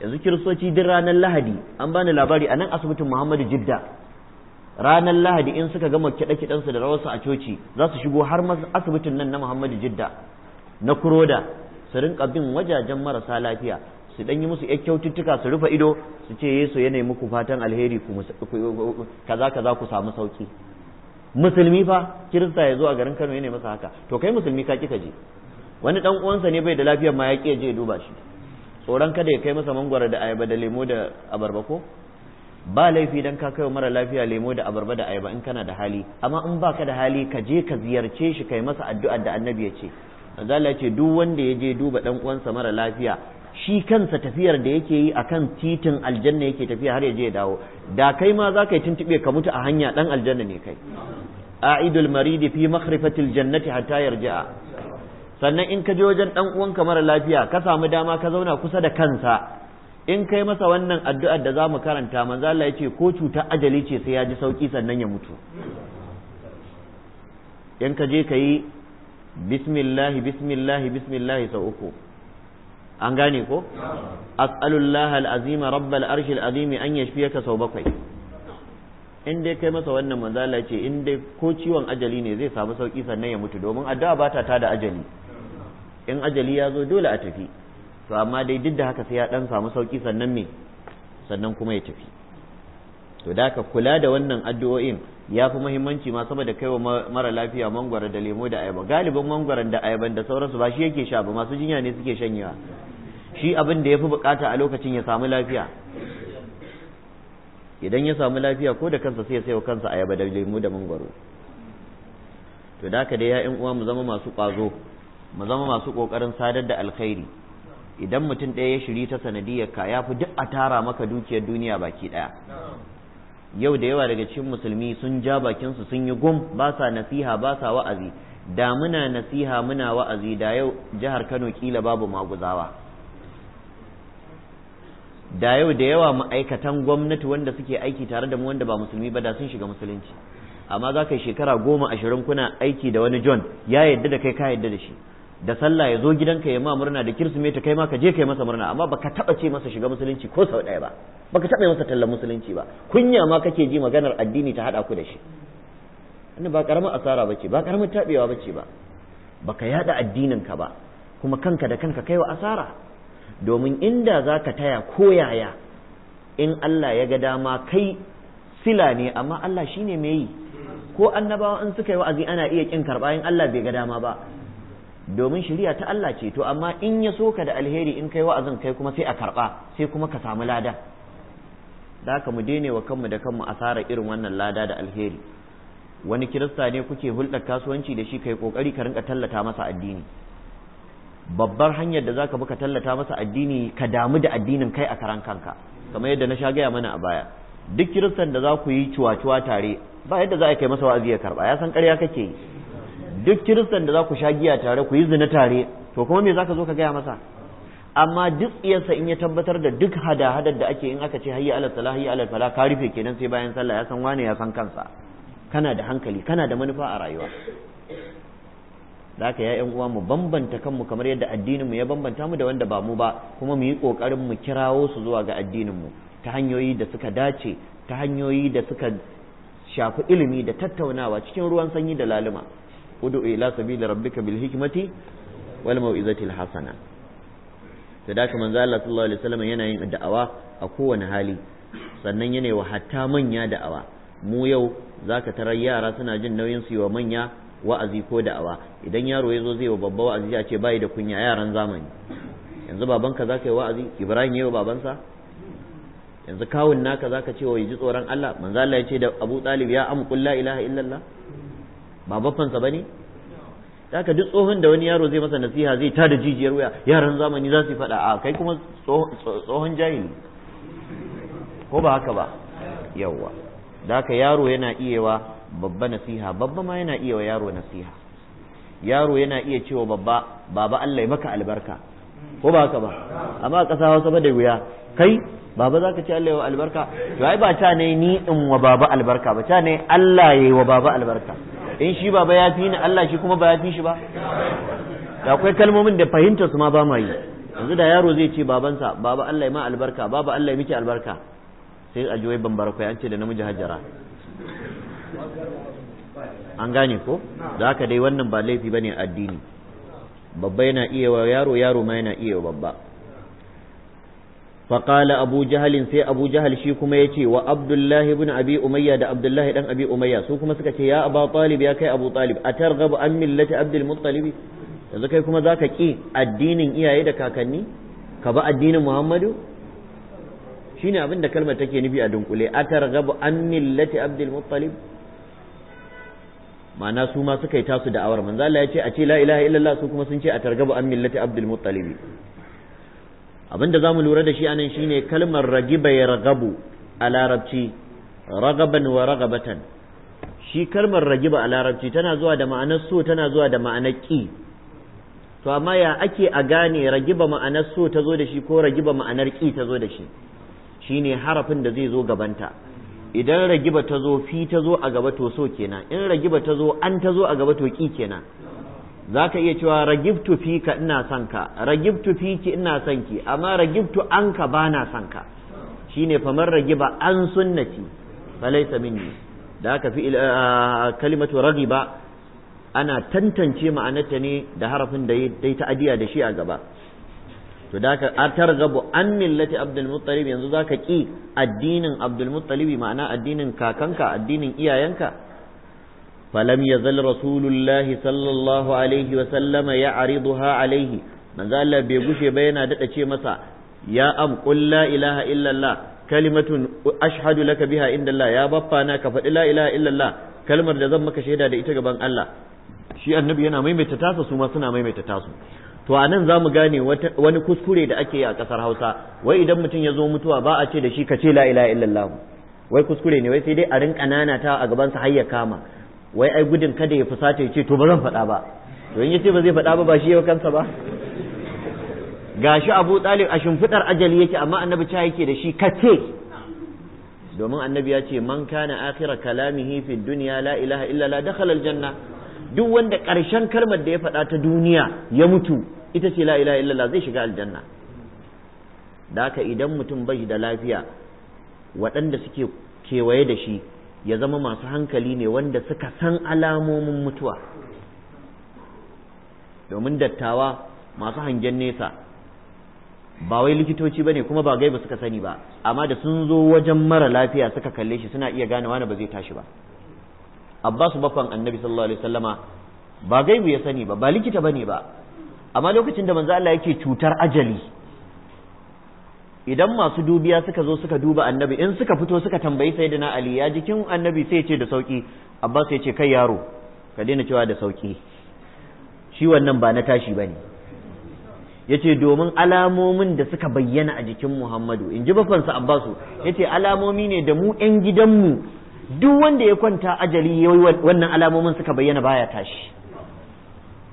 yanzu kiristoci duk ranar lahadi an bani labari a nan asibitin muhammadu jidda ranar lahadi in suka gama kiɗe-kiɗensu da rawarsu a coci za su shigo har asibitin nan na muhammadu jidda na kuroda su rinka bin wajajen marasa lafiya su ɗan yi musu yan kyaututtuka su rufe ido su ce yesu yanayi muku fatan alheri ku kaza kaza ku samu sauki musulmi fa kirista ya zo a garin kano yanayi masa haka to kai musulmi ka ki ka je wani ɗan uwansa ne bai da lafiyar ma ya je duba shi tsoron kada ya kai masa mangwara da ayaba da lemo da abarba ko ba laifi dan ka kai mara lafiya lemo da abarba da ayaba in kana da hali amma in baka da hali ka je ka ziyarce shi kai masa addu'ar da annabi ya ce manzala ce duk wanda ya je duba dan uwansa mara lafiya shi kansa tafiyar da yake yi akan titin aljanna yake tafiya har ya je ya dawo da kai ma za ka yi tuntube ka mutu a hanya dan aljanna ne kai a'idul maridi fi makhrifatil jannati hatta yarji'a sannan in ka je wajen dan uwanka mara lafiya ka samu dama ka zauna kusa da kansa in kai masa wannan addu'ar da zamu karanta manzo Allah yace ko cuta ajali ce sai ya ji sauki sannan ya mutu in ka je ka yi bismillahi bismillahi bismillahi sau uku an gane ko as'alullah al'azim rabbal arshi al'azim an yashfiyaka sau bakwai in dai kai masa wannan manzala ce in dai ko ciwon ajali ne zai samu sauki sannan ya mutu domin addu'a ba ta da ajali in ajali ya zo dole a tafi to amma dai duk da haka sai ya dan samu sauki sannan me sannan kuma ya tafi to da ka kula da wannan addu'o'in ya fi muhimmanci ma saboda kai mara lafiya mangwara da lemo da ayaba galibin mangwaran da ayaban da sauransu ba shi yake sha ba masu jinya ne suke shanyewa shi abin da ya fi bukata a lokacin ya samu lafiya idan ya samu lafiya ko da kansa sai ya sayo kansa ayaba da lemu da mangwaro to da haka dai ya'yan uwa mu zama masu kwazo mu zama masu kokarin sadar da alkhairi idan mutum ɗaya ya shiri ta sanadiyar ka ya fi duk a tara maka dukiyar duniya baki ɗaya yau da yawa daga cikin musulmi sun ja bakinsu sun yi gum ba sa nasiha ba sa wa'azi da muna nasiha muna wa'azi da yau jihar kano kila babu maguzawa da yau da yawa ma'aikatan gwamnati wanda suke aiki tare da mu wanda ba musulmi ba da sun shiga musulunci amma za ka shekara goma ashirin kuna aiki da wani john ya yadda da kai ka yadda da shi da sallah ya zo gidanka ya ma murna da kirsimeti kai ma ka je kai masa murna amma baka taba ce masa shiga musulunci ko sau ɗaya ba baka taba masa tallan musulunci ba kunya ma kake ji maganar addini ta hada ku da shi annabi ba karamar asara bace ba karamar tabewa bace ba baka yada addinin ka ba kuma kanka da kanka kaiwa asara domin inda zaka taya ko yaya in Allah ya ga dama kai sila ne amma Allah shine mai yi ko annabawa in suka yi wa'azi ana iya kin karba in Allah bai ga dama ba domin shari'a ta Allah ce to amma in ya so ka da alheri in kai wa'azin kai kuma sai a karɓa sai kuma ka samu lada da haka mu daina wa kanmu da kanmu asara irin wannan lada da alheri wani kirista ne kuke hulɗar kasuwanci da shi kai kokari ka rinka tallata masa addini babbar hanyar da zaka buka tallata masa addini ka damu da addinin kai a karan kanka kamar yadda na sha gaya mana a baya duk kiristan da za ku yi cuwa-cuwa tare ba yadda za a kai masa wa'azi ya karba ya san ƙarya kake yi duk kiristan da za ku sha giya tare ku yi zina tare to kuma me za ka zo ka gaya masa amma duk iyarsa in ya tabbatar da duk hada-hadar da ake in aka ce hayya ala salah hayya ala fala ka rufe kenan sai bayan sallah ya san wane ya san kansa kana da hankali kana da manufa a rayuwa Daka ya yan uwa mu bambanta kanmu kamar yadda addinin mu ya bambanta mu da wanda ba mu ba kuma mu yi kokarin mu kirawo su zuwa ga addinin mu ta hanyoyi da suka dace ta hanyoyi da suka shafi ilimi da tattaunawa cikin ruwan sanyi da laluma udu ila sabili rabbika bil hikmati wal mau'izati al hasana da daga manzo Allah sallallahu alaihi wasallam yana yin da'awa a kowane hali sannan yana wa hatta manya da'awa mu yau zaka tarar yara suna jin nauyin su wa manya wa'azi ko da'awa idan yaro ya zo zai wa babba wa'azi a ce bai da kunya yaran zamani yanzu babanka zaka yi wa'azi Ibrahim yayi wa babansa yanzu kawun naka zaka ce wa ji tsoron Allah manzo Allah ya ce da Abu Talib ya amqul la ilaha illallah ba baffansa ba ne ka duk tsohon da wani yaro zai masa nasiha zai ta da jijiyar wuya yaran zamani za su yi faɗa a kai kuma tsohon jahili ko ba haka ba yawwa da ka yaro yana wa babba nasiha babba ma yana wa yaro nasiha yaro yana iya cewa babba baba Allah ya maka albarka ko ba haka ba amma a ƙasa hausa ba da wuya kai baba za ka ce Allah ya wa albarka to ai ba ta ne ni in wa baba albarka ba ta ne Allah ya wa baba albarka in shi baba ya fi ni Allah shi kuma ba ya fi shi ba da akwai kalmomin da fahimtar su ma ba ma yi yanzu da yaro zai ce babansa baba Allah ya ma albarka baba Allah ya miki albarka sai a wai bambara kai an ce da namiji hajjara an gane ko da haka dai wannan ba laifi bane addini babba yana iya wa yaro yaro ma yana iya wa babba فقال أبو جهل سي أبو جهل شي كما يتي وعبد الله بن أبي أمية دا عبد الله بن أبي أمية سو كما يا أبا طالب يا كي أبو طالب أترغب عن ملة عبد المطلب yanzu kai kuma zaka ki addinin iyaye da kakanni ka ba addinin Muhammadu shine abin kalmar take nufi a dunkule atarghabu an millati Abdul Muttalib ma'ana su ma suka yi tasu da'awar manzo Allah ya ce a ce la ilaha illallah su kuma sun ce atarghabu an Abdul abinda zamu lura da shi anan shine kalmar ragiba ya ragabu a larabci ragaban wa ragabatan shi kalmar ragiba a larabci tana zuwa da ma'anar so tana zuwa da ma'anar ƙi. to amma ya ake a gane ragiba ma'anar so ta zo da shi ko ragiba ma'anar ƙi ta zo da shi shine harafin da zai zo gabanta idan ragiba ta zo fi ta zo a gaba to so kenan in ragiba ta zo an ta zo a gaba to ki kenan za ka iya cewa ragibtu fika ina son ka ragibtu fiki ina son ki amma ragibtu an ka ba na son ka shi ne famar ragiba an sunnati falaisa minni da aka fi kalimatu ragiba ana tantance ma'anarta ne da harafin da dai ta'adiya da shi a gaba to da atar atargabu an millati abdul muttalib yanzu ka ki addinin abdul ma'ana addinin kakanka addinin iyayenka فلم يزل رسول الله صلى الله عليه وسلم يعرضها عليه من ذا الله بيغشي بينا دتا شي مسا يا أم قل لا إله إلا الله كلمة أشهد لك بها عند الله يا بابا أنا كفت لا إله إلا الله كلمة da zan maka shaida da ita gaban Allah shi annabi yana maimaita tasa su ma suna maimaita tasu to a nan za gane wani kuskure da ake yi a kasar hausa wai idan mutum ya zo mutuwa ba a ce da shi kace la ilaha illallah wai kuskure ne wai sai dai a rinka nanata a gaban sa har ya kama wai ai gudun kada ya fusata ya ce to ba zan faɗa ba to in yace ba zai faɗa ba ba shi ya kansa ba gashi Abu Talib a shimfidar ajali yake amma annabi cha yake da shi kace domin annabi ya ce man kana akhira kalamihi fi dunya la ilaha illa la dakhala aljanna duk wanda karshen kalmar da ya faɗa ta duniya ya mutu ita ce la ilaha illallah zai shiga aljanna da haka idan mutum bai da lafiya waɗanda suke kewaye da shi ya zama masu hankali ne wanda suka san alamomin mutuwa domin dattawa masu hangen nesa ba wai likitoci ba ne kuma ba gaiba suka sani ba amma da sun zo wajen mara lafiya suka kalle shi suna iya gane wani ba zai tashi ba abbasu bafan annabi sallallahu alaihi wasallama ba gaibu ya sani ba ba likita bane ba amma lokacin da manzo Allah yake cutar ajali idan masu dubiya suka zo suka duba annabi in suka fito suka tambayi sayyidina ali ya jikin annabi sai ce da sauki abbas ya ce kai yaro ka daina cewa da sauki shi wannan ba na tashi ba bane yace domin alamomin da suka bayyana a jikin muhammadu in ji bafansa abbasu yace alamomi ne da mu yan gidanmu duk wanda ya kwanta ajali yayi wannan alamomin suka bayyana baya tashi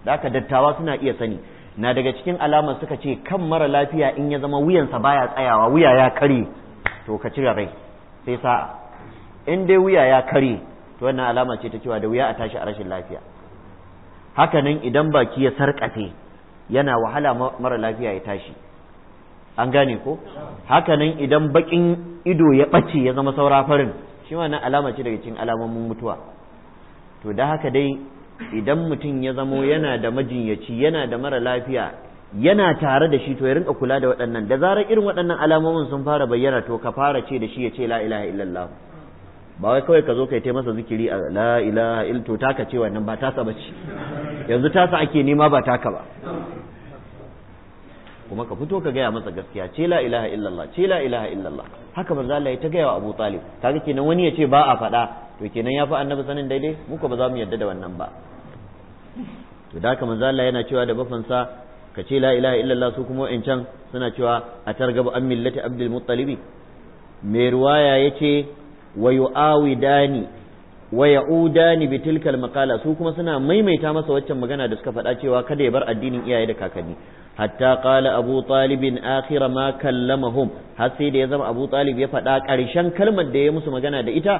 da dattawa suna iya sani na daga cikin alamar suka ce kan mara lafiya in ya zama wuyansa baya tsayawa wuya ya kare to ka cire rai sai sa in dai wuya ya kare to wannan alama ce ta cewa da wuya a tashi a rashin lafiya hakanan idan baki ya sarƙafe yana wahala mara lafiya ya tashi an gane ko nan idan bakin ido ya ɓace ya zama saura farin shi wannan alama ce daga cikin alamomin mutuwa to da haka dai idan mutum ya zamo yana da majinyaci yana da mara lafiya yana tare da shi to ya rinka kula da waɗannan da zarar irin waɗannan alamomin sun fara bayyana to ka fara ce da shi ya ce la ilaha illallah ba wai kawai ka zo kai masa zikiri a la ilaha ill to taka ce wannan ba tasa bace yanzu tasa ake nema ba taka ba kuma ka fito ka gaya masa gaskiya ce la ilaha illallah ce la ilaha illallah haka manzo Allah ya ta gaya wa Abu Talib kaga kenan wani ya ce ba a faɗa to kenan ya fi annabi sanin daidai muka ba za mu yarda da wannan ba to da haka manzo Allah yana cewa da bafansa ka ce la ilaha illallah su kuma wancan suna cewa a targabu an millati abdul muttalib mai ruwaya yace wa yu'awidani wa ya'udani bi tilkal maqala su kuma suna maimaita masa waccan magana da suka faɗa cewa kada ya bar addinin iyaye da kakanni hatta qala abu talibin akhira ma kallamahum har sai da ya zama abu talib ya faɗa ƙarshen kalmar da ya musu magana da ita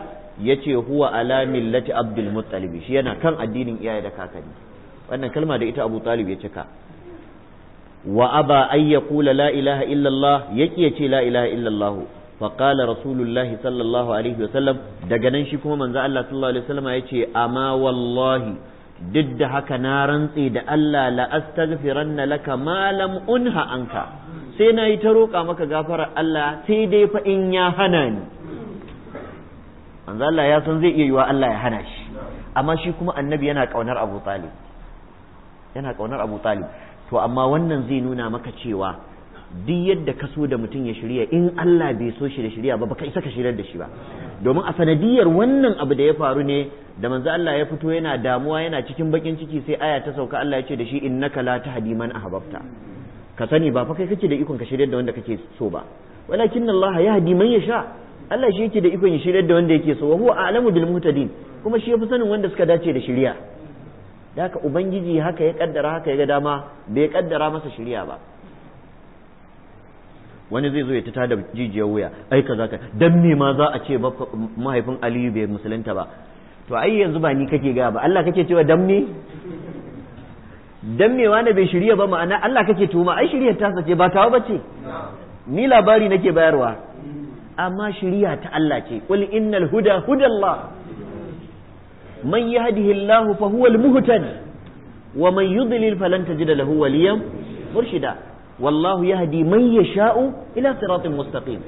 yace huwa ala millati abdul muttalib shi yana kan addinin iyaye da kakanni wannan kalma da ita abu talib ya cika wa aba la ilaha illallah allah ya ce la ilaha illallah. allah fa qala rasulullah sallallahu alaihi wa sallam daga nan shi kuma manzo Allah sallallahu alaihi wa sallam ya ce amma wallahi duk da haka na rantse da Allah la astaghfiranna laka ma lam unha anka sai na yi ta roƙa maka gafarar Allah sai dai fa in ya hana ni manzo Allah ya san zai iya yiwa Allah ya hana shi amma shi kuma annabi yana kaunar Abu Talib yana kaunar abu talib to amma wannan zai nuna maka cewa duk yadda ka so da mutum ya shirya in Allah bai so shi da shirya ba baka isa ka shirya da shi ba domin a sanadiyar wannan abu da ya faru ne da manzo Allah ya fito yana damuwa yana cikin bakin ciki sai aya ta sauka Allah ya ce da shi innaka la tahdi man ahbabta ka sani ba fa kai kake da ikon ka shirya da wanda kake so ba walakin Allah yahdi man yasha Allah shi yake da ikon ya shirya da wanda yake so wa huwa a'lamu bil muhtadin kuma shi yafi sanin wanda suka dace da shirya da haka ubangiji haka ya kaddara haka ya ga dama bai kaddara masa shirya ba wani zai zo ya ta da jijiyar wuya ai kaza ka dan me ma za a ce mahaifin aliyu bai musulunta ba to ai yanzu ba ni kake ga ba Allah kake cewa dan me dan me wani bai shirya ba ma'ana Allah kake tuma ai shiryar ta sace ba tawa bace ni labari nake bayarwa amma shiriya ta Allah ce qul innal huda hudallah man yahdihillahu fa huwal muhtadi wa man yudlil falan tajid lahu waliyan murshida wallahu yahdi man yasha'u ila siratin mustaqim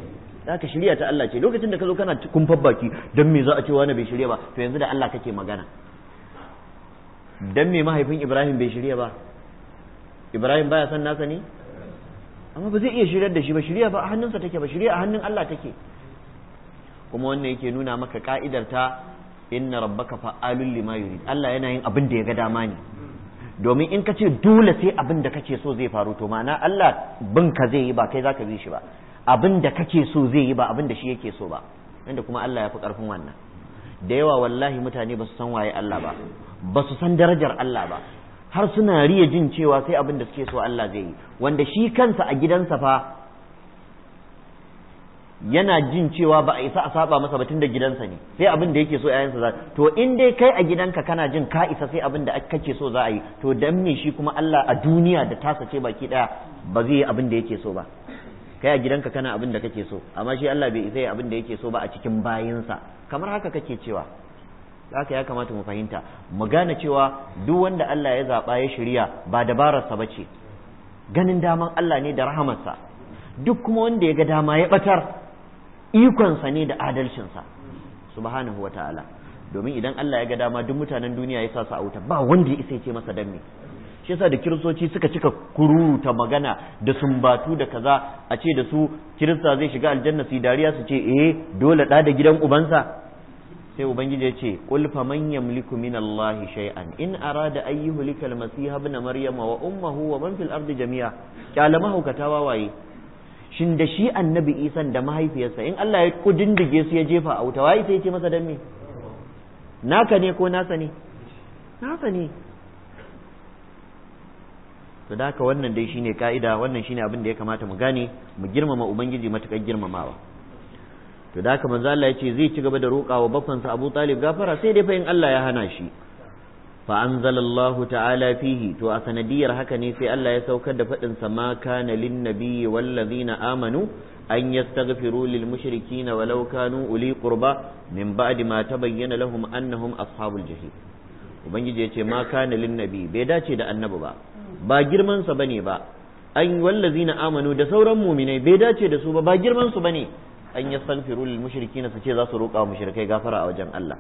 haka shirya ta Allah ce lokacin da ka zo kana kumfar baki dan me za a ce wani bai shirya ba to yanzu da Allah kake magana me mahaifin Ibrahim bai shirya ba Ibrahim baya nasa ne amma ba zai iya shirya da shi ba shirya ba a hannunsa take ba shirya a hannun Allah take kuma wannan yake nuna maka ka'idar ta inna rabbaka fa'alul lima yurid Allah yana yin abin da ya ga dama ne domin in ka ce dole sai abin da kake so zai faru to ma'ana Allah bin ka zai yi ba kai zaka bi shi ba abin da kake so zai yi ba abin da shi yake so ba inda kuma Allah ya fi karfin wannan da yawa wallahi mutane ba su san waye Allah ba ba su san darajar Allah ba har suna riya jin cewa sai abin da suke so Allah zai yi wanda shi kansa a gidansa fa yana jin cewa ba a isa a saba masa batun da gidansa ne sai abin da yake so yayansa za to in dai kai a gidanka kana jin ka isa sai abin da kake so za a yi to dan me shi kuma Allah a duniya da tasa ce baki daya ba zai yi abin da yake so ba kai a gidanka kana abin da kake so amma shi Allah bai isa yi abin da yake so ba a cikin bayinsa kamar haka kake cewa haka ya kamata mu fahimta mu gane cewa duk wanda Allah ya zaba ya shirya ba dabararsa ba ce ganin daman Allah ne da rahamarsa duk kuma wanda ya ga dama ya batar ikonsa ne da adalcinsa subhanahu wa ta'ala domin idan Allah ya ga dama duk mutanen duniya ya sa su a ba wanda ya isa ya ce masa dan me shi yasa da kiristoci suka cika kururu ta magana da sumbatu da kaza a ce da su kirista zai shiga aljanna su dariya su ce eh dole da da gidan ubansa sai ubangiji ya ce qul man yamliku min shay'an in arada ayyuhu likal masiha ibn maryama wa ummuhu wa man fil ardi jami'a kyalama hukatawa waye shin da shi annabi isan da mahaifiyarsa in Allah ya kudindige su ya jefa a wuta waye sai ya ce masa dan me naka ne ko nasa ne nasa ne to da wannan dai shine ka'ida wannan shine abin da ya kamata mu gane mu girmama ubangiji matukar girmamawa to da haka manzo Allah ya ce zai ci gaba da roƙawa bafansa Abu Talib gafara sai dai fa in Allah ya hana shi fa anzalallahu ta'ala fihi to a sanadiyar haka ne sai Allah ya saukar da faɗinsa sa ma kana lin nabiyyi wal ladina amanu an yastaghfiru lil mushrikeena walau kanu uli qurba min ba'di ma tabayyana lahum annahum ashabul jahim ubangiji ya ce ma kana lin bai dace da annabi ba ba bane ba an wallazina amanu da sauran muminai bai dace da su ba ba su bane ce za su roƙa mushrikai gafara a wajen Allah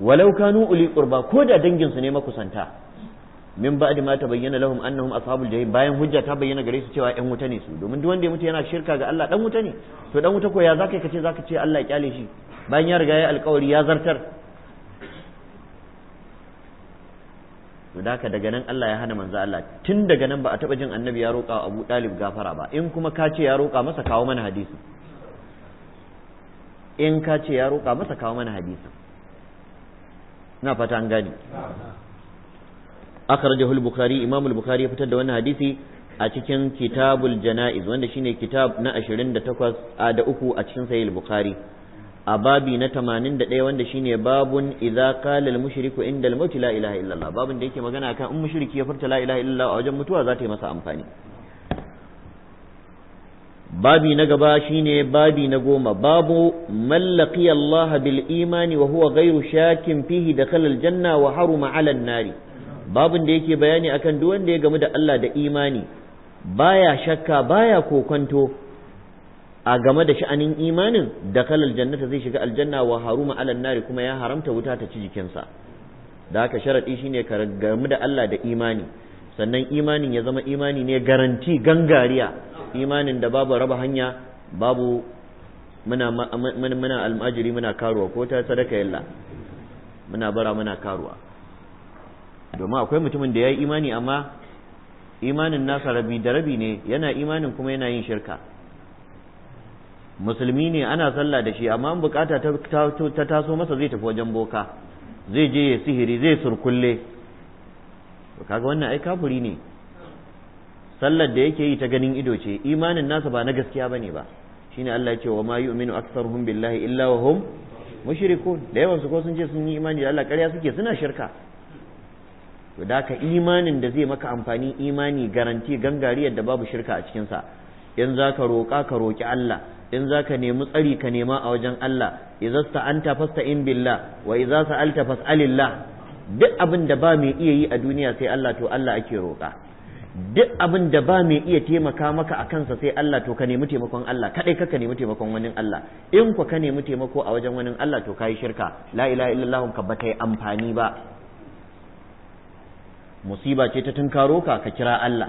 walau kanu uli qurba ko da dangin su ne makusanta min ba'di mata bayyana lahum annahum ashabul jahim bayan hujja ta bayyana gare su cewa yan wuta ne su domin duk wanda ya mutu yana shirka ga Allah dan wuta ne to dan wuta ko ya zaka kace zaka ce Allah ya kyale shi bayan ya riga ya alƙawari ya zartar to haka daga nan Allah ya hana manzo Allah tun daga nan ba a taba jin annabi ya roƙa Abu Dalib gafara ba in kuma ka ce ya roƙa masa kawo mana hadisi in ka ce ya roƙa masa kawo mana hadisi na fata an gani akhrajahu al-bukhari imam al-bukhari ya fitar da wannan hadisi a cikin kitabul janaiz wanda shine kitab na 28 a da uku a cikin sahih al-bukhari a babi na 81 wanda shine babun idza qala al-mushriku inda al-maut la ilaha illallah babun da yake magana akan in mushriki ya furta la ilaha illallah a wajen mutuwa za ta yi masa amfani babi na gaba shine babi na goma babu mallaki Allah bil imani wa huwa ghairu shakin fihi da al janna wa haruma ala nari babin da yake bayani akan duk wanda ya gamu da Allah da imani baya shakka baya kokonto a game da sha'anin imanin da al jannata zai shiga aljanna wa haruma ala nari kuma ya haramta wuta ta ci jikinsa da haka sharadi shine ka gamu da Allah da imani sannan imanin ya zama imani ne garanti gangariya imanin da babu raba hanya babu muna al'ajiri muna karuwa ko ta sadaka yalla muna bara muna karuwa domin akwai mutumin da ya yi imani amma imanin nasa rabi da rabi ne yana imanin kuma yana yin shirka musulmi ne ana sallah da shi amma an bukata ta taso masa zai tafi wajen boka zai je ya sihiri zai surkulle kaga wannan ai kafuri ne sallar da yake yi ta ganin ido ce imanin nasa ba na gaskiya bane ba shine Allah ya ce wa ma yu'minu aktsaruhum billahi illa wa hum mushrikun da yawan su ko sun ce sun yi imani da Allah ƙarya suke suna shirka to da ka imanin da zai maka amfani imani garanti gangariyar da babu shirka a cikin sa in zaka roƙa ka roki Allah in zaka nemi tsari ka nema a wajen Allah idza sta'anta fasta'in billah wa idza sa'alta fas'alillah duk abin da ba mai iya yi a duniya sai Allah to Allah ake roka. duk abin da ba mai iya taimaka maka a kansa sai Allah to ka nemi taimakon Allah kadai ka nemi taimakon wani Allah in ku ka nemi taimako a wajen wani Allah to kai shirka la ilaha illallah ka ba ta yi amfani ba musiba ce ta tunkaro ka ka kira Allah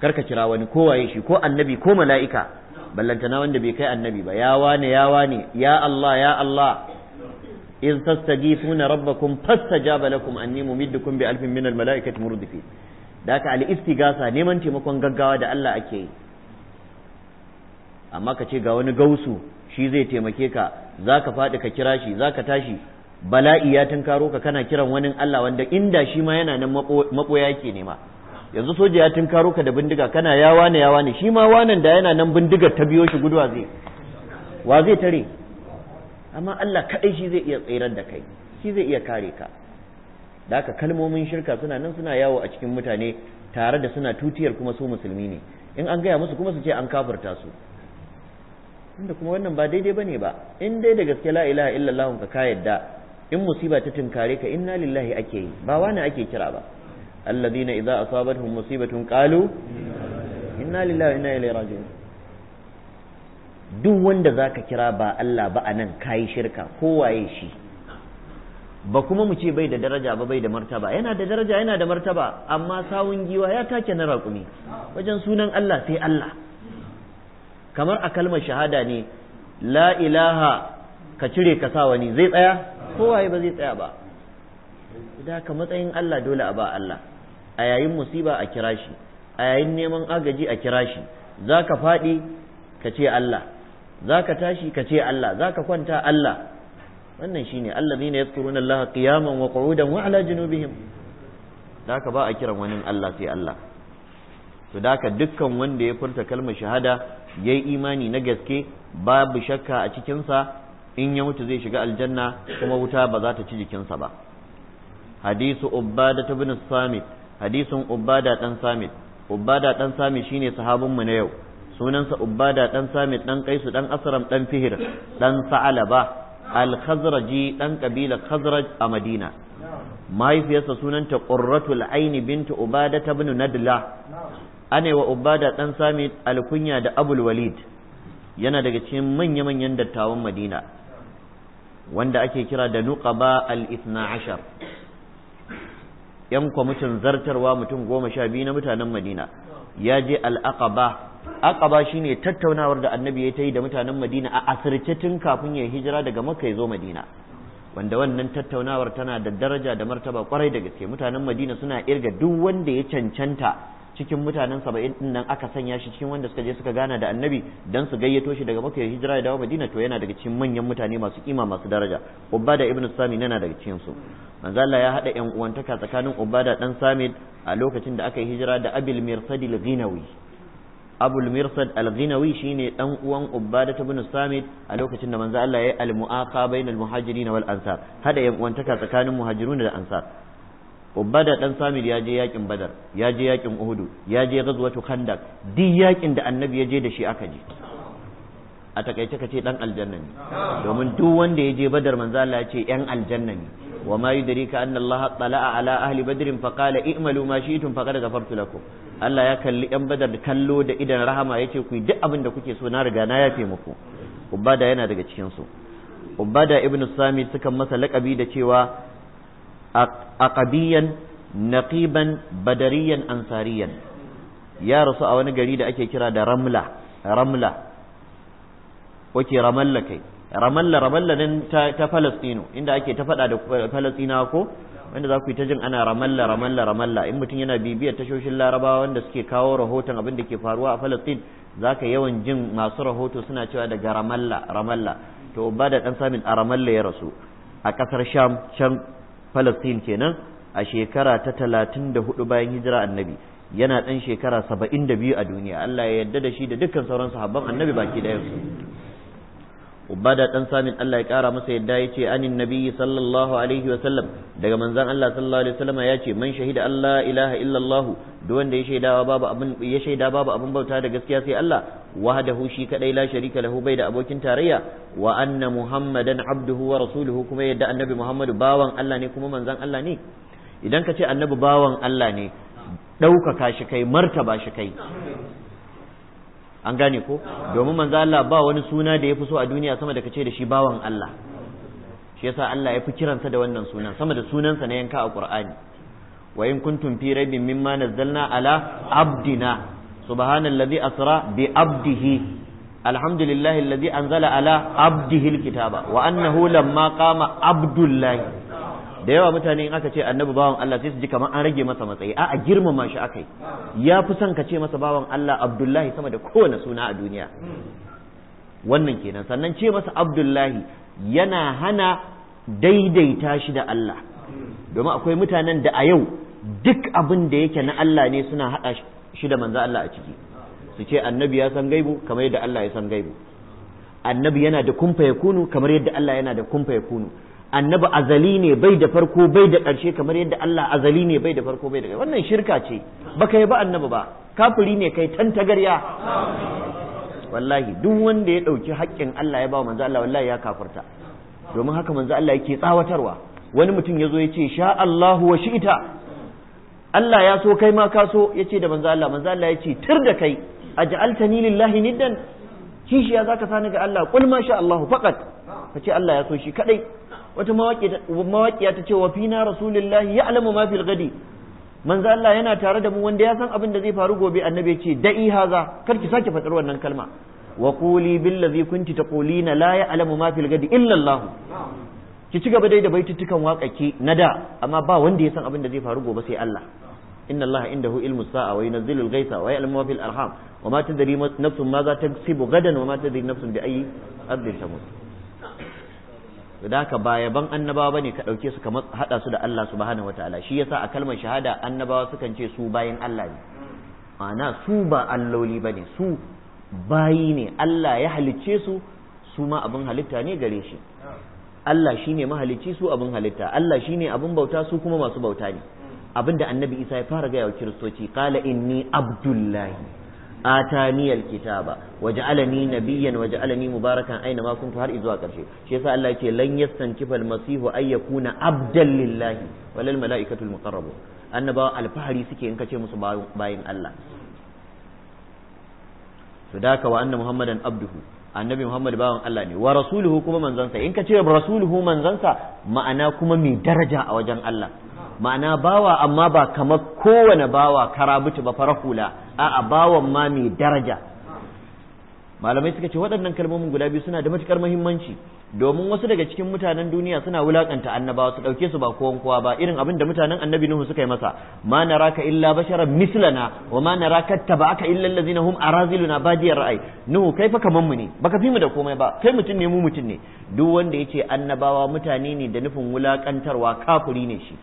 kar ka kira wani ko waye shi ko annabi ko mala'ika ballantana wanda bai kai annabi ba ya wane ya wane ya Allah ya Allah in إذ تستغيثون ربكم فاستجاب لكم أني ممدكم بألف من الملائكة murdifin da Ali al-istigasa neman taimakon gaggawa da Allah ake yi amma ka ce ga wani gausu shi zai taimake ka za ka faɗi ka kira shi za ka tashi bala'i ya tunkaro ka kana kiran wani Allah wanda inda shi ma yana nan maboya yake nema yanzu soja ya tunkaro ka da bindiga kana ya wane ya wane shi ma wanan da yana nan bindigar ta biyo shi guduwa zai wa zai tare amma Allah kaɗai shi zai iya tsirar da kai shi zai iya kare ka da haka kalmomin shirka suna nan suna yawo a cikin mutane tare da suna tutiyar kuma su musulmi ne in an gaya musu kuma su ce an kafirta su inda kuma wannan ba daidai bane ba in dai da gaske la ilaha illallah ka ka yadda in musiba ta tunkare ka inna lillahi ake yi ba wani ake kira ba alladhina idza asabatuhum musibatun qalu inna lillahi inna ilaihi raji'un duk wanda zaka kira ba Allah ba anan kai shirka ko waye shi ba kuma mu ce bai da daraja ba bai da martaba yana da daraja yana da martaba amma sawun giwa ya take na raƙumi wajen sunan Allah sai Allah kamar a kalmar shahada ne la ilaha ka cire ka sa wani zai tsaya kowaye ba zai tsaya ba da ka matsayin Allah dole a ba Allah a yayin musiba a kira shi a yayin neman agaji a kira shi za ka faɗi ka ce Allah za tashi ka ce Allah zaka kwanta Allah wannan shine allazina yadhkuruna allaha qiyaman wa qu'udan wa ala junubihim daka ba a kiran wani Allah sai Allah to daka dukkan wanda ya furta kalmar shahada yayi imani na gaske babu shakka a cikinsa in ya mutu zai shiga aljanna kuma wuta ba za ta ci jikinsa ba hadisu ubbada ibn samit hadisin ubada dan samit ubbada dan samit shine sahabin mu na yau sunansa ubada dan samit dan kaisu dan asram dan fihir dan sa'alaba al-khazraji dan khazraj a madina mahaifiyarsa sunanta ƙurratul aini bintu ubada ta bin nadla ane wa ubada ɗan sami alkunya da abul walid yana daga cikin manya-manyan dattawan madina wanda ake kira da nuqaba al-ithna ashar yan kwamitin zartarwa mutum goma sha biyu na mutanen madina ya je al'aqaba shi ne tattaunawar da annabi ya yi da mutanen madina a asirce tun kafin ya hijira daga makka ya zo madina wanda wannan tattaunawar tana da daraja da martaba kwarai da gaske mutanen madina suna irga duk wanda ya cancanta cikin mutanen saba'in din nan aka sanya shi cikin wanda suka je suka gana da annabi dan su gayyato shi daga makka ya hijira ya dawo madina to yana daga cikin manyan mutane masu kima masu daraja ubada ibn sami yana daga cikin su manzo Allah ya hada yan uwantaka tsakanin ubada dan samit a lokacin da aka yi hijira da abil mirsadil ghinawi abul mirsad al-ghinawi shine dan uwan ubbada ibn samit a lokacin da manzo Allah ya yi al-mu'aqa bainal muhajirin wal ansar hada yan uwantaka tsakanin muhajirun da ansar ubbada dan samit ya je yakin badar ya je yakin uhudu ya je ghazwatu khandaq duk yakin da annabi ya je da shi aka je a takaice kace dan aljanna ne domin duk wanda ya je badar manzo Allah ya ce yan aljanna ne وما يدريك أن الله اطلع على أهل بدر فقال اعملوا ما شئتم فقد غفرت لكم Allah ya kalli ‘yan badar da kallo da idan rahama ya ce ku yi duk abin da kuke so na riga na yafe muku ubada yana daga cikinsu ubada ibn sami suka masa laƙabi da cewa a aqabiyan naqiban badariyan ansariyan ya rasu a wani gari da ake kira da ramla ramla wake ramalla kai ramalla ramalla din ta falastino inda ake ta faɗa da falastinawa ko wanda za ku yi ta jin ana ramalla ramalla ramalla in mutum yana bibiyar tashoshin larabawa wanda suke kawo rahoton abin da ke faruwa a falastin za ka yawan jin masu rahoto suna cewa daga ramalla ramalla to ba da ɗan samin a ramalla ya rasu a kasar sham can falastin kenan a shekara ta talatin da hudu bayan hijira annabi yana dan shekara saba'in da biyu a duniya allah ya yarda da shi da dukkan sauran sahabban annabi baki ɗayansu ubada ɗan samin Allah ya kara masa yadda ya ce anin nabiyyi sallallahu alaihi wasallam daga manzan Allah sallallahu alaihi wasallam ya ce man shahida Allah ilaha illallah duk wanda ya shaida babu abin ya shaida babu abin bauta da gaskiya sai Allah wahdahu shi kadai la sharika lahu bai da abokin tarayya wa anna muhammadan abduhu wa rasuluhu kuma yadda annabi muhammadu bawan Allah ne kuma manzan Allah ne idan ka ce annabi bawan Allah ne ɗaukaka shi kai martaba shi kai an gane ko domin manzo Allah ba wani suna da ya fi so a duniya sama da kace da shi bawan Allah shi yasa Allah ya fi kiransa da wannan sunan sama da sunansa na yanka a Qur'ani wa in kuntum fi raibin mimma nazzalna ala abdina subhanallazi asra bi abdihi alhamdulillahi allazi anzala ala abdihi alkitaba wa annahu lamma qama abdullahi da yawa mutane in aka ce annabi bawan Allah sai su ji kamar an rage masa matsayi a'a girmama shi akai ya fi son ka ce masa bawan Allah Abdullahi sama da kowane suna a duniya wannan kenan sannan ce masa Abdullahi yana hana daidaita shi da Allah domin akwai mutanen da a yau duk abin da yake na Allah ne suna haɗa shi da manzo Allah a ciki su ce annabi ya san gaibu kamar yadda Allah ya san gaibu annabi yana da kumfa ya kunu kamar yadda Allah yana da kumfa ya kunu annabi azali ne bai da farko bai da ƙarshe kamar yadda Allah azali ne bai da farko bai da ƙarshe wannan shirka ce baka yi ba annabi ba kafiri ne kai tantagarya wallahi duk wanda ya ɗauki haƙƙin Allah ya ba manzo Allah wallahi ya kafirta domin haka manzo Allah yake tsawatarwa wani mutum ya zo ya ce sha Allahu wa shi'ita Allah ya so kai ma ka so ya ce da manzo Allah manzo Allah ya ce tir da kai aj'altani lillahi niddan kishiya zaka sani ga Allah kul ma sha Allahu faqat ka Allah ya so shi kadai wata mawaƙiya ta ce wa fina rasulullahi ya'lamu ma fil gadi manzo Allah yana tare da mu wanda ya san abin da zai faru gobe annabi ce da'i haza kar ki sake fadar wannan kalma wa quli billazi kunti taqulina la ya'lamu ma fil gadi illa Allah ki ci gaba dai da baitutukan waƙaki na da amma ba wanda ya san abin da zai faru gobe sai Allah inna Allah indahu ilmu sa'a wa yunzilu al-ghaitha wa ya'lamu ma fil arham wa ma tadri nafsun ma za taksibu gadan wa ma tadri nafsun bi ayyi ardin tamut da haka ba yaban annabawa bane ka dauke su kamar hada su da Allah subhanahu wataala shi yasa a kalmar shahada annabawa sukan ce su bayan Allah ne ma'ana su ba alloli bane su bayi ne Allah ya halicce su su ma abin halitta ne gare shi Allah shine mahalicci su abin halitta Allah shine abin bauta su kuma masu bauta ne abinda annabi Isa ya fara gaya wa kiristoci qala inni abdullahi atani alkitaba waj'alani nabiyyan waj'alani mubarakan aina ma kuntu har izuwa karshe shi yasa Allah yake lan yastankifa almasihu ay yakuna abdan lillahi walal malaikatu almuqarrabun annabawa alfahari suke in kace musu bayin Allah sadaka wa anna muhammadan abduhu annabi muhammad bawan Allah ne wa rasuluhu kuma manzansa in kace rasuluhu manzansa ma'ana kuma mai daraja a wajen Allah ma'ana bawa amma ba kamar kowane bawa karabutu ba fara hula a'a bawan ma mai daraja malamai suka ce waɗannan kalmomin guda biyu suna da matuƙar muhimmanci domin wasu daga cikin mutanen duniya suna wulaƙanta annabawa su ɗauke su ba kowan kowa ba irin abin da mutanen annabi nuhu suka yi masa ma raka illa bashara mislana wa ma naraka aka illa na hum araziluna badiyar ra'ayi nuhu kai fa kaman mu ne baka fi mu da komai ba kai mutum ne mu mutum ne duk wanda ya ce annabawa mutane ne da nufin wulaƙantarwa kafuri ne shi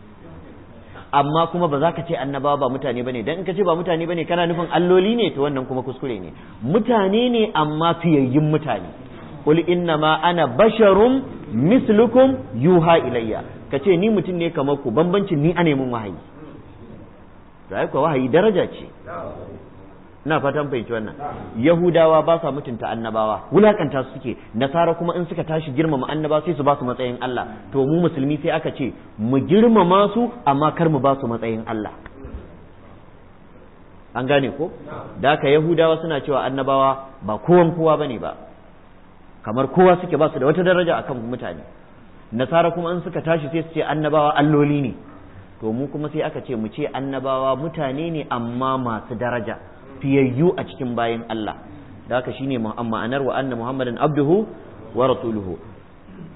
amma kuma ba za ka ce annabawa ba mutane bane dan in ka ce ba mutane bane kana nufin alloli ne to wannan kuma kuskure ne mutane ne amma fiyayyin mutane qul inna ma ana basharum mislukum yuha ilayya ka ce ni mutum ne kamar ku bambancin ni a mun wahayi da ku wahayi daraja ce ina fatan fahimci wannan yahudawa ba sa mutunta annabawa wulakanta su suke nasara kuma in suka tashi girmama annaba sai su ba su matsayin Allah to mu musulmi sai aka ce mu girmama su amma kar mu ba su matsayin Allah an gane ko da haka yahudawa suna cewa annabawa ba kowan kowa bane ba kamar kowa suke ba su da wata daraja akan mutane nasara kuma in suka tashi sai su ce annabawa alloli ne to mu kuma sai aka ce mu ce annabawa mutane ne amma masu daraja fiyayyu a cikin bayan Allah da haka shine ma'anar wa anna muhammadin abduhu wa rasuluhu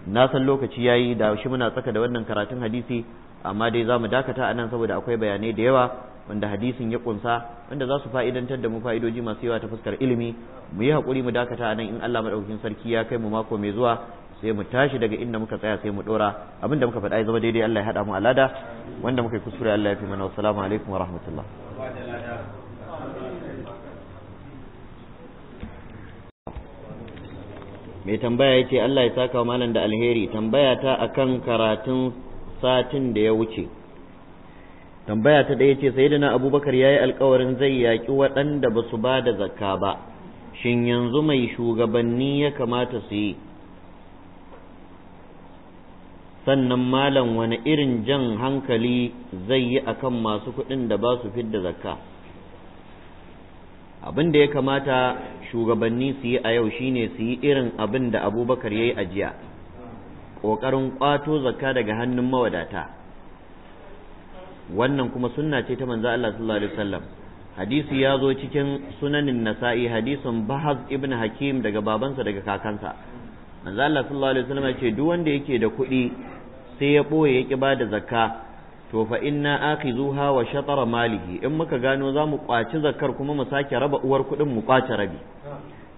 na san lokaci yi da shi muna tsaka da wannan karatun hadisi amma dai za mu dakata a nan saboda akwai bayanai da yawa wanda hadisin ya kunsa wanda za su fa'idantar da mu fa'idoji masu yawa ta fuskar ilimi mu yi haƙuri mu dakata a nan in Allah maɗaukin sarki ya kai mu mako mai zuwa sai mu tashi daga inda muka tsaya sai mu ɗora abinda muka faɗa ya zama daidai Allah ya haɗa mu alada wanda muka yi kuskure Allah ya fi mana wassalamu alaikum wa rahmatullah mai tambaya ya ce Allah ya saka malam da alheri tambaya ta akan karatun satin da ya wuce tambaya ta ɗaya ce sayyidina abubakar ya yi alkawarin zai yaƙi waɗanda ba su ba da zakka ba shin yanzu mai shugabanni ya kamata su yi sannan malam wani irin jan hankali zai yi akan masu kuɗin da ba su fidda zakka abin da ya kamata shugabanni su yi a yau shine su yi irin abin da abubakar ya yi a jiya ƙoƙarin ƙwato zakka daga hannun mawadata wannan kuma sunna ce ta manzo Allah sallallahu alaihi wasallam hadisi ya zo cikin sunanin nasa'i hadisin bahaz ibn hakim daga babansa daga kakansa manzo Allah sallallahu alaihi wasallam ya ce duk wanda yake da kuɗi sai ya ɓoye ya ƙi ba da zakka to fa inna akizuha wa shatara malihi in muka gano za mu kwaci zakar kuma mu sake raba uwar kuɗin mu kwace rabi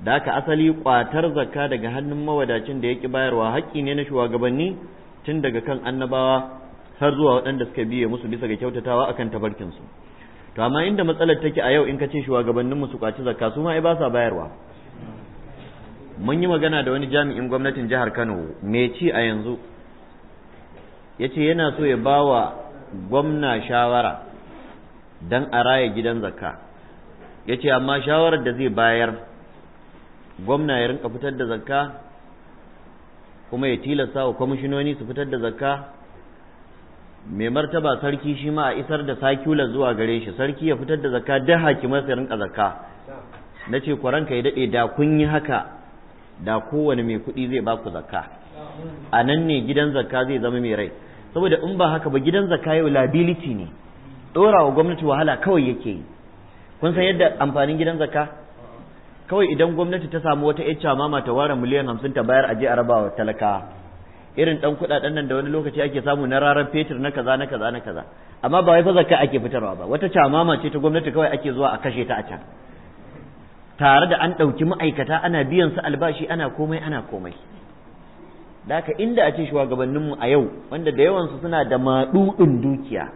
da haka asali kwatar zakka daga hannun mawadacin da yake bayarwa haƙƙi ne na shugabanni tun daga kan annabawa har zuwa waɗanda suka biye musu bisa ga kyautatawa akan tabarkin to amma inda matsalar take a yau in ka ce shugabannin mu su kwaci zakka su ma ai ba sa bayarwa mun yi magana da wani jami'in gwamnatin jihar Kano me ci a yanzu yace yana so ya bawa gwamna shawara don a raya gidan zakka ya ce amma shawarar da zai bayar gwamna ya rinka fitar da zakka kuma ya tilasta wa kwamishinoni su fitar da zakka mai martaba sarki shi ma a isar da sakula zuwa gare shi sarki ya fitar da zakka da hakimar su rinka zakka na ce kwaranka ya daɗe da kun yi haka da kowane mai kuɗi zai baku zakka a nan ne gidan zakka zai zama mai rai saboda in ba haka ba gidan zakka yau liability ne dora wa gwamnati wahala kawai yake yi kun san yadda amfanin gidan zakka kawai idan gwamnati ta samu wata yacca mama ta ware miliyan hamsin ta bayar aje a rabawa talaka irin dan kudaden nan da wani lokaci ake samu na rarar fetur na kaza na kaza na kaza amma ba wai fa zakka ake fitarwa ba wata camama ce ta gwamnati kawai ake zuwa a kashe ta a can tare da an ɗauki ma'aikata ana biyan su albashi ana komai ana komai daka inda a ce shugabanninmu a yau wanda da yawansu suna da maɗuɗin dukiya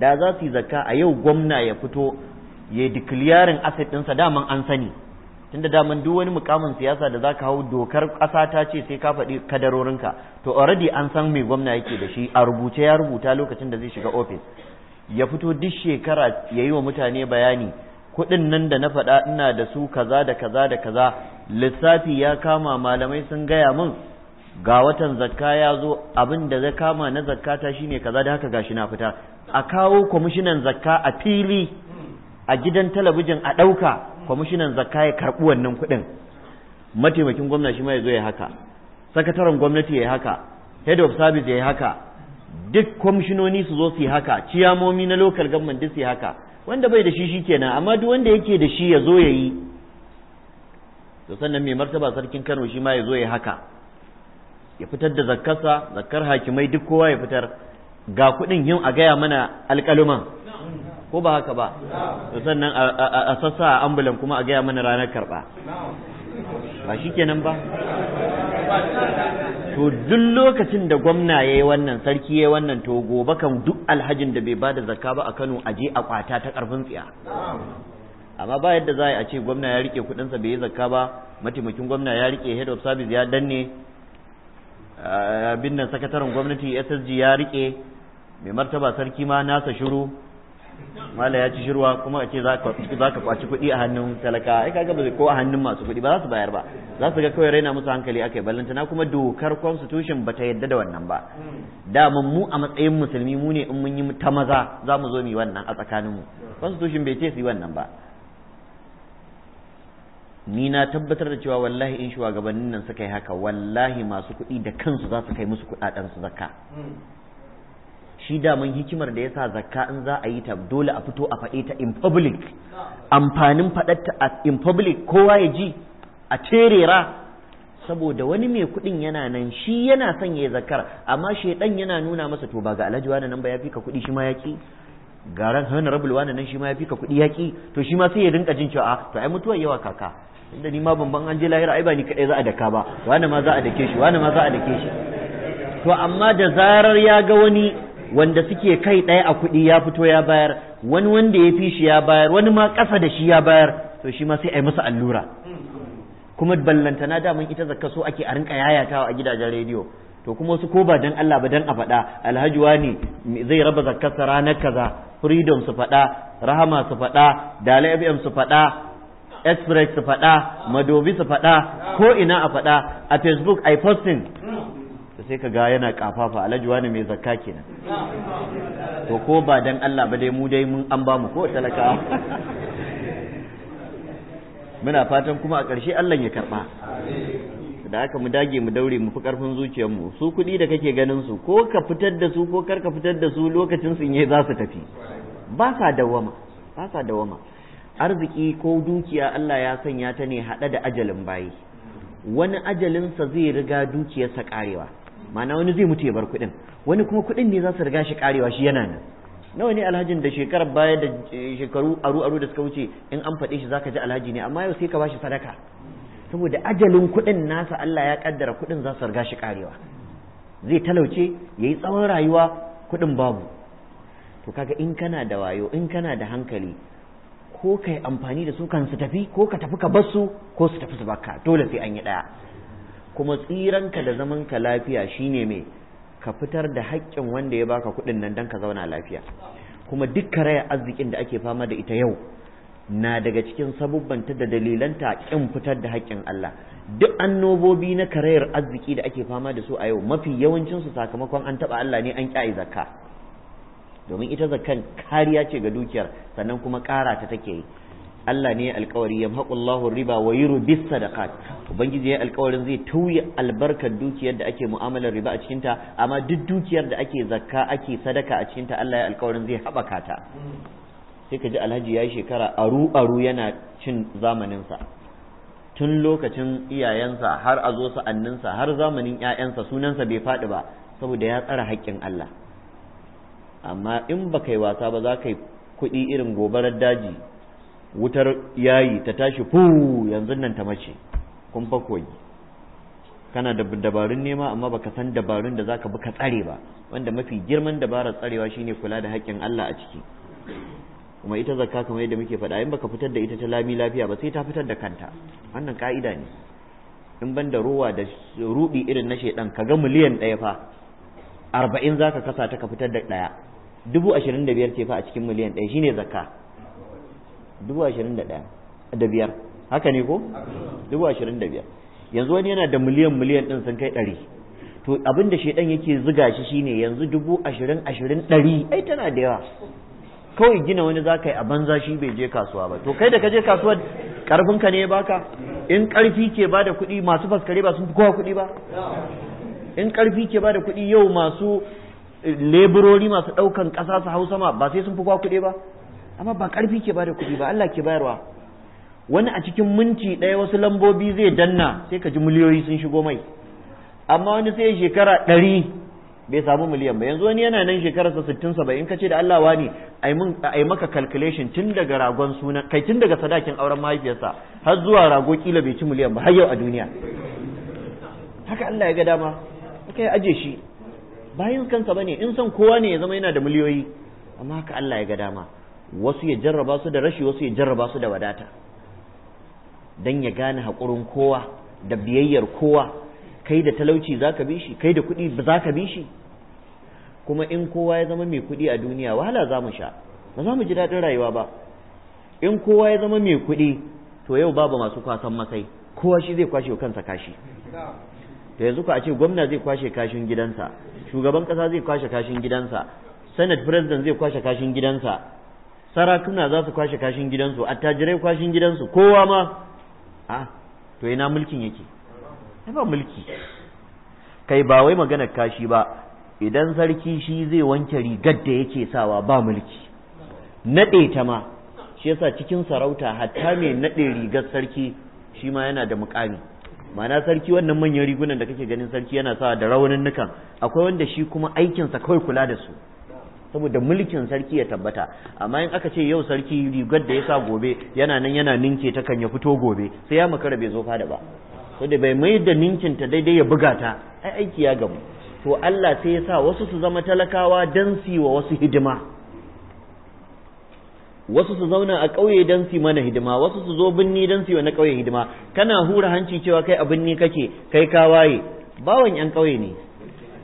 da za su yi zaka a yau gwamna ya fito ya yi dikiliyarin asset ɗinsa daman an sani tunda daman duk wani mukamin siyasa da za ka hau dokar ƙasa ta ce sai ka faɗi kadarorinka to already an san mai gwamna yake da shi a rubuce ya rubuta lokacin da zai shiga ofis ya fito duk shekara ya yi wa mutane bayani kuɗin nan da na faɗa ina da su kaza da kaza da kaza lissafi ya kama malamai sun gaya min ga watan zakka ya zo abin da zai kama na zakka ta shine kaza da haka gashi na fita a kawo kwamishinan zakka a fili a gidan talabijin a ɗauka kwamishinan zakka ya karɓi wannan kuɗin mataimakin gwamna shi ma ya zo ya haka sakataren gwamnati ya haka head of service ya haka duk kwamishinoni su zo su yi haka ciyamomi na local government duk su yi haka wanda bai da shi shi kenan amma duk wanda yake da shi ya zo ya yi to sannan mai martaba sarkin Kano shi ma ya zo ya haka ya fitar da zakkarsa zakkar hakimai duk kowa ya fitar ga kuɗin yin a gaya mana alƙaluman ko ba haka ba to sannan a sassa a ambulan kuma a gaya mana ranar karba ba shi kenan ba to duk lokacin da gwamna ya yi wannan sarki ya yi wannan to gobe kan duk alhajin da bai ba da zakka ba a kano a je a kwata ta karfin tsiya amma ba yadda za a ce gwamna ya rike kuɗinsa bai yi zakka ba mataimakin gwamna ya rike head of service ya danne abin nan sakataren gwamnati SSG ya rike mai martaba sarki ma nasa shiru mala ya ci shirwa kuma a ce za ka kwaci kuɗi a hannun talaka ai kaga ba ko a hannun masu kuɗi ba za su bayar ba za su ga kawai raina musu hankali akai na kuma dokar constitution bata yadda da wannan ba Da mu a matsayin musulmi mu ne in mun yi ta maza za mu zo mu yi wannan a tsakanin mu constitution bai ce su yi wannan ba ni na tabbatar da cewa wallahi in shugabannin nan suka yi haka wallahi masu kuɗi da kansu za su kai musu su zakka shi daman hikimar da yasa zakka in za a yi ta dole a fito a faɗe ta in public amfanin faɗatta a in public kowa ya ji a terera saboda wani mai kuɗin yana nan shi yana son ya zakkar amma shaidan yana nuna masa to ba ga alhaji wani nan ba ya fi ka kuɗi shi ma ya ki garan honorable wani nan shi ma ya fi ka kuɗi ya ki to shi ma sai ya rinka jin cewa ah, to ai mutuwar yawa kaka inda ni ma ban an je lahira ai ba ni kadai za a daka ba wani ma za a dake shi wani ma za a dake shi to amma da zarar ya ga wani wanda suke kai ɗaya a kuɗi ya fito ya bayar wani wanda ya fi shi ya bayar wani ma kasa da shi ya bayar to shi ma sai a yi masa allura kuma ballantana daman ita zakka so ake a rinka yayatawa a gidajen rediyo to kuma su ko ba dan Allah ba dan a faɗa alhaji wani zai raba zakka ranar kaza freedom su faɗa rahama su faɗa dalai fm su faɗa express su faɗa madobi su faɗa ko ina a faɗa a facebook ai posting to sai ka yana kafafa alhaji wani mai zakka kenan to ko ba dan Allah ba dai mu dai mun an ba mu ko talaka muna fatan kuma a ƙarshe Allah ya karɓa da aka mu dage mu daure mu fi ƙarfin zuciyarmu su kuɗi da kake ganin su ko ka fitar da su ko kar ka fitar da su lokacin sun yi za su tafi ba sa dawama ba sa dawama arziki ko dukiya Allah ya sanya ta ne haɗe da ajalin bayi wani ajalinsa zai riga dukiyarsa karewa ma'ana wani zai mutu ya bar kuɗin wani kuma kuɗin ne za su riga shi karewa shi yana nan nawa ne alhajin da shekarar baya da eh, shekaru aru aru da suka wuce in an faɗe shi zaka ji alhaji ne amma yau sai ka bashi sadaka saboda ajalin kuɗin nasa Allah ya kaddara kuɗin za su riga shi karewa zai talauce ya yi tsawon rayuwa kuɗin babu to kaga in kana da wayo in kana da hankali ko ka yi amfani da su kan su tafi ko ka tafi ka basu ko su tafi su baka dole sai an yi ɗaya kuma tsiranka da zaman ka lafiya shine mai ka fitar da haƙƙin wanda ya baka kuɗin nan don ka zauna lafiya kuma duk karayar arzikin da ake fama da ita yau na daga cikin sabubbanta da dalilanta ƙin fitar da haƙƙin Allah duk annobobi na karayar arziki da ake fama da su a yau mafi yawancinsu sakamakon an taɓa Allah ne an ƙya'i zakka domin ita zakan kariya ce ga dukiyar sannan kuma ƙara ta take yi Allah ne Alƙawari ya maƙullahu riba wa yurbi sadaqat ubangiji ya alkawarin zai tauye albarkar dukiyar da ake mu'amalar riba a cikinta amma duk dukiyar da ake zakka ake sadaka a cikinta Allah ya alƙawarin zai haɓaka ta sai ka ji alhaji ya yi shekara aru aru yana cin zamaninsa tun lokacin iyayensa har a zo sa'anninsa har zamanin 'ya'yansa sunansa bai faɗi ba saboda ya tsara haƙƙin Allah amma in ba kai wasa ba za ka yi kuɗi irin gobarar daji wutar yayi ta tashi fu yanzu nan ta mace kun fa kana da dabarun nema amma ba ka san dabarun da zaka bi ka tsare ba wanda mafi girman dabarar tsarewa shine kula da haƙƙin Allah a ciki kuma ita zakka kamar yadda muke faɗa in baka fitar da ita ta lami lafiya ba sai ta fitar da kanta wannan ka'ida ne in ban da ruwa da ruɗi irin na shaidan ga miliyan ɗaya fa arba'in za ka kasa ta ka fitar da ɗaya dubu ashirin da biyar ce fa a cikin miliyan ɗaya shine zakka dubu ashirin da ɗaya da biyar haka ne ko dubu ashirin da biyar yanzu wani yana da miliyan miliyan ɗin sun kai ɗari to abin da shaidan yake ziga shi shine yanzu dubu ashirin ashirin ɗari ai tana da yawa kawai gina wani za ka yi a banza shi bai je kasuwa ba to kai da ka je kasuwa karfinka ne ya baka in karfi ke ba da kuɗi masu faskare ba sun fi kowa kuɗi ba in ƙarfi ke ba da kuɗi yau masu eh, leburori masu ɗaukan ƙasa su hau sama ba sai sun fi kwa kuɗi ba amma ba ƙarfi ke ba da kuɗi ba Allah ke bayarwa wani a cikin minti ɗaya wasu lambobi zai danna sai ka ji miliyoyi sun shigo mai amma wani sai shekara ɗari bai samu miliyan ba yanzu wani yana nan shekara sa sittin In ka ce da Allah wani ai maka calculation tun daga ragon suna kai tun daga sadakin auren mahaifiyarsa har zuwa rago kila bai ci miliyan ba har yau a duniya haka Allah ya ga dama ka yi aje shi bayan kansa ne in san kowa ne ya zama yana da miliyoyi amma haka Allah ya ga dama wasu ya jarraba su da rashi wasu ya jarraba su da wadata dan ya gane haƙurin kowa da biyayyar kowa kai da talauci zaka bi shi kai da kuɗi ba ka bi shi kuma in kowa ya zama mai kuɗi a duniya wahala za mu sha ba za mu ji daɗin rayuwa ba in kowa ya zama mai kuɗi to yau babu masu kwasan masai kowa shi zai kwashe kansa kashi to yanzu ku a ce gwamna zai kwashe kashin gidansa shugaban kasa zai kwashe kashin gidansa senate president zai kwashe kashin gidansa sarakuna za su kwashe kashin gidansu attajirai kwashin gidansu kowa ma a to ina mulkin yake ba mulki kai ba wai maganar kashi ba idan sarki shi zai wanke rigar da yake sawa ba mulki naɗe ta ma shi yasa cikin sarauta hatta mai naɗe rigar sarki shi ma yana da muƙami ma'ana sarki wannan manyan rigunan da kake ganin sarki yana sa da raunin nukan akwai wanda shi kuma aikinsa kawai kula da su saboda mulkin sarki ya tabbata amma in aka ce yau sarki rigar da ya sa gobe yana nan yana ninke ta kan ya fito gobe sai ya makara bai zo fada ba saboda bai mai da ninkin ta daidai ya buga ta ai aiki ya gamu to Allah sai ya sa wasu su zama talakawa dan su wa wasu hidima wasu su zauna a ƙauye don su mana hidima wasu su zo binni don su na ƙauye hidima kana hura hanci cewa kai a binni kake kai ka waye bawan yan ƙauye ne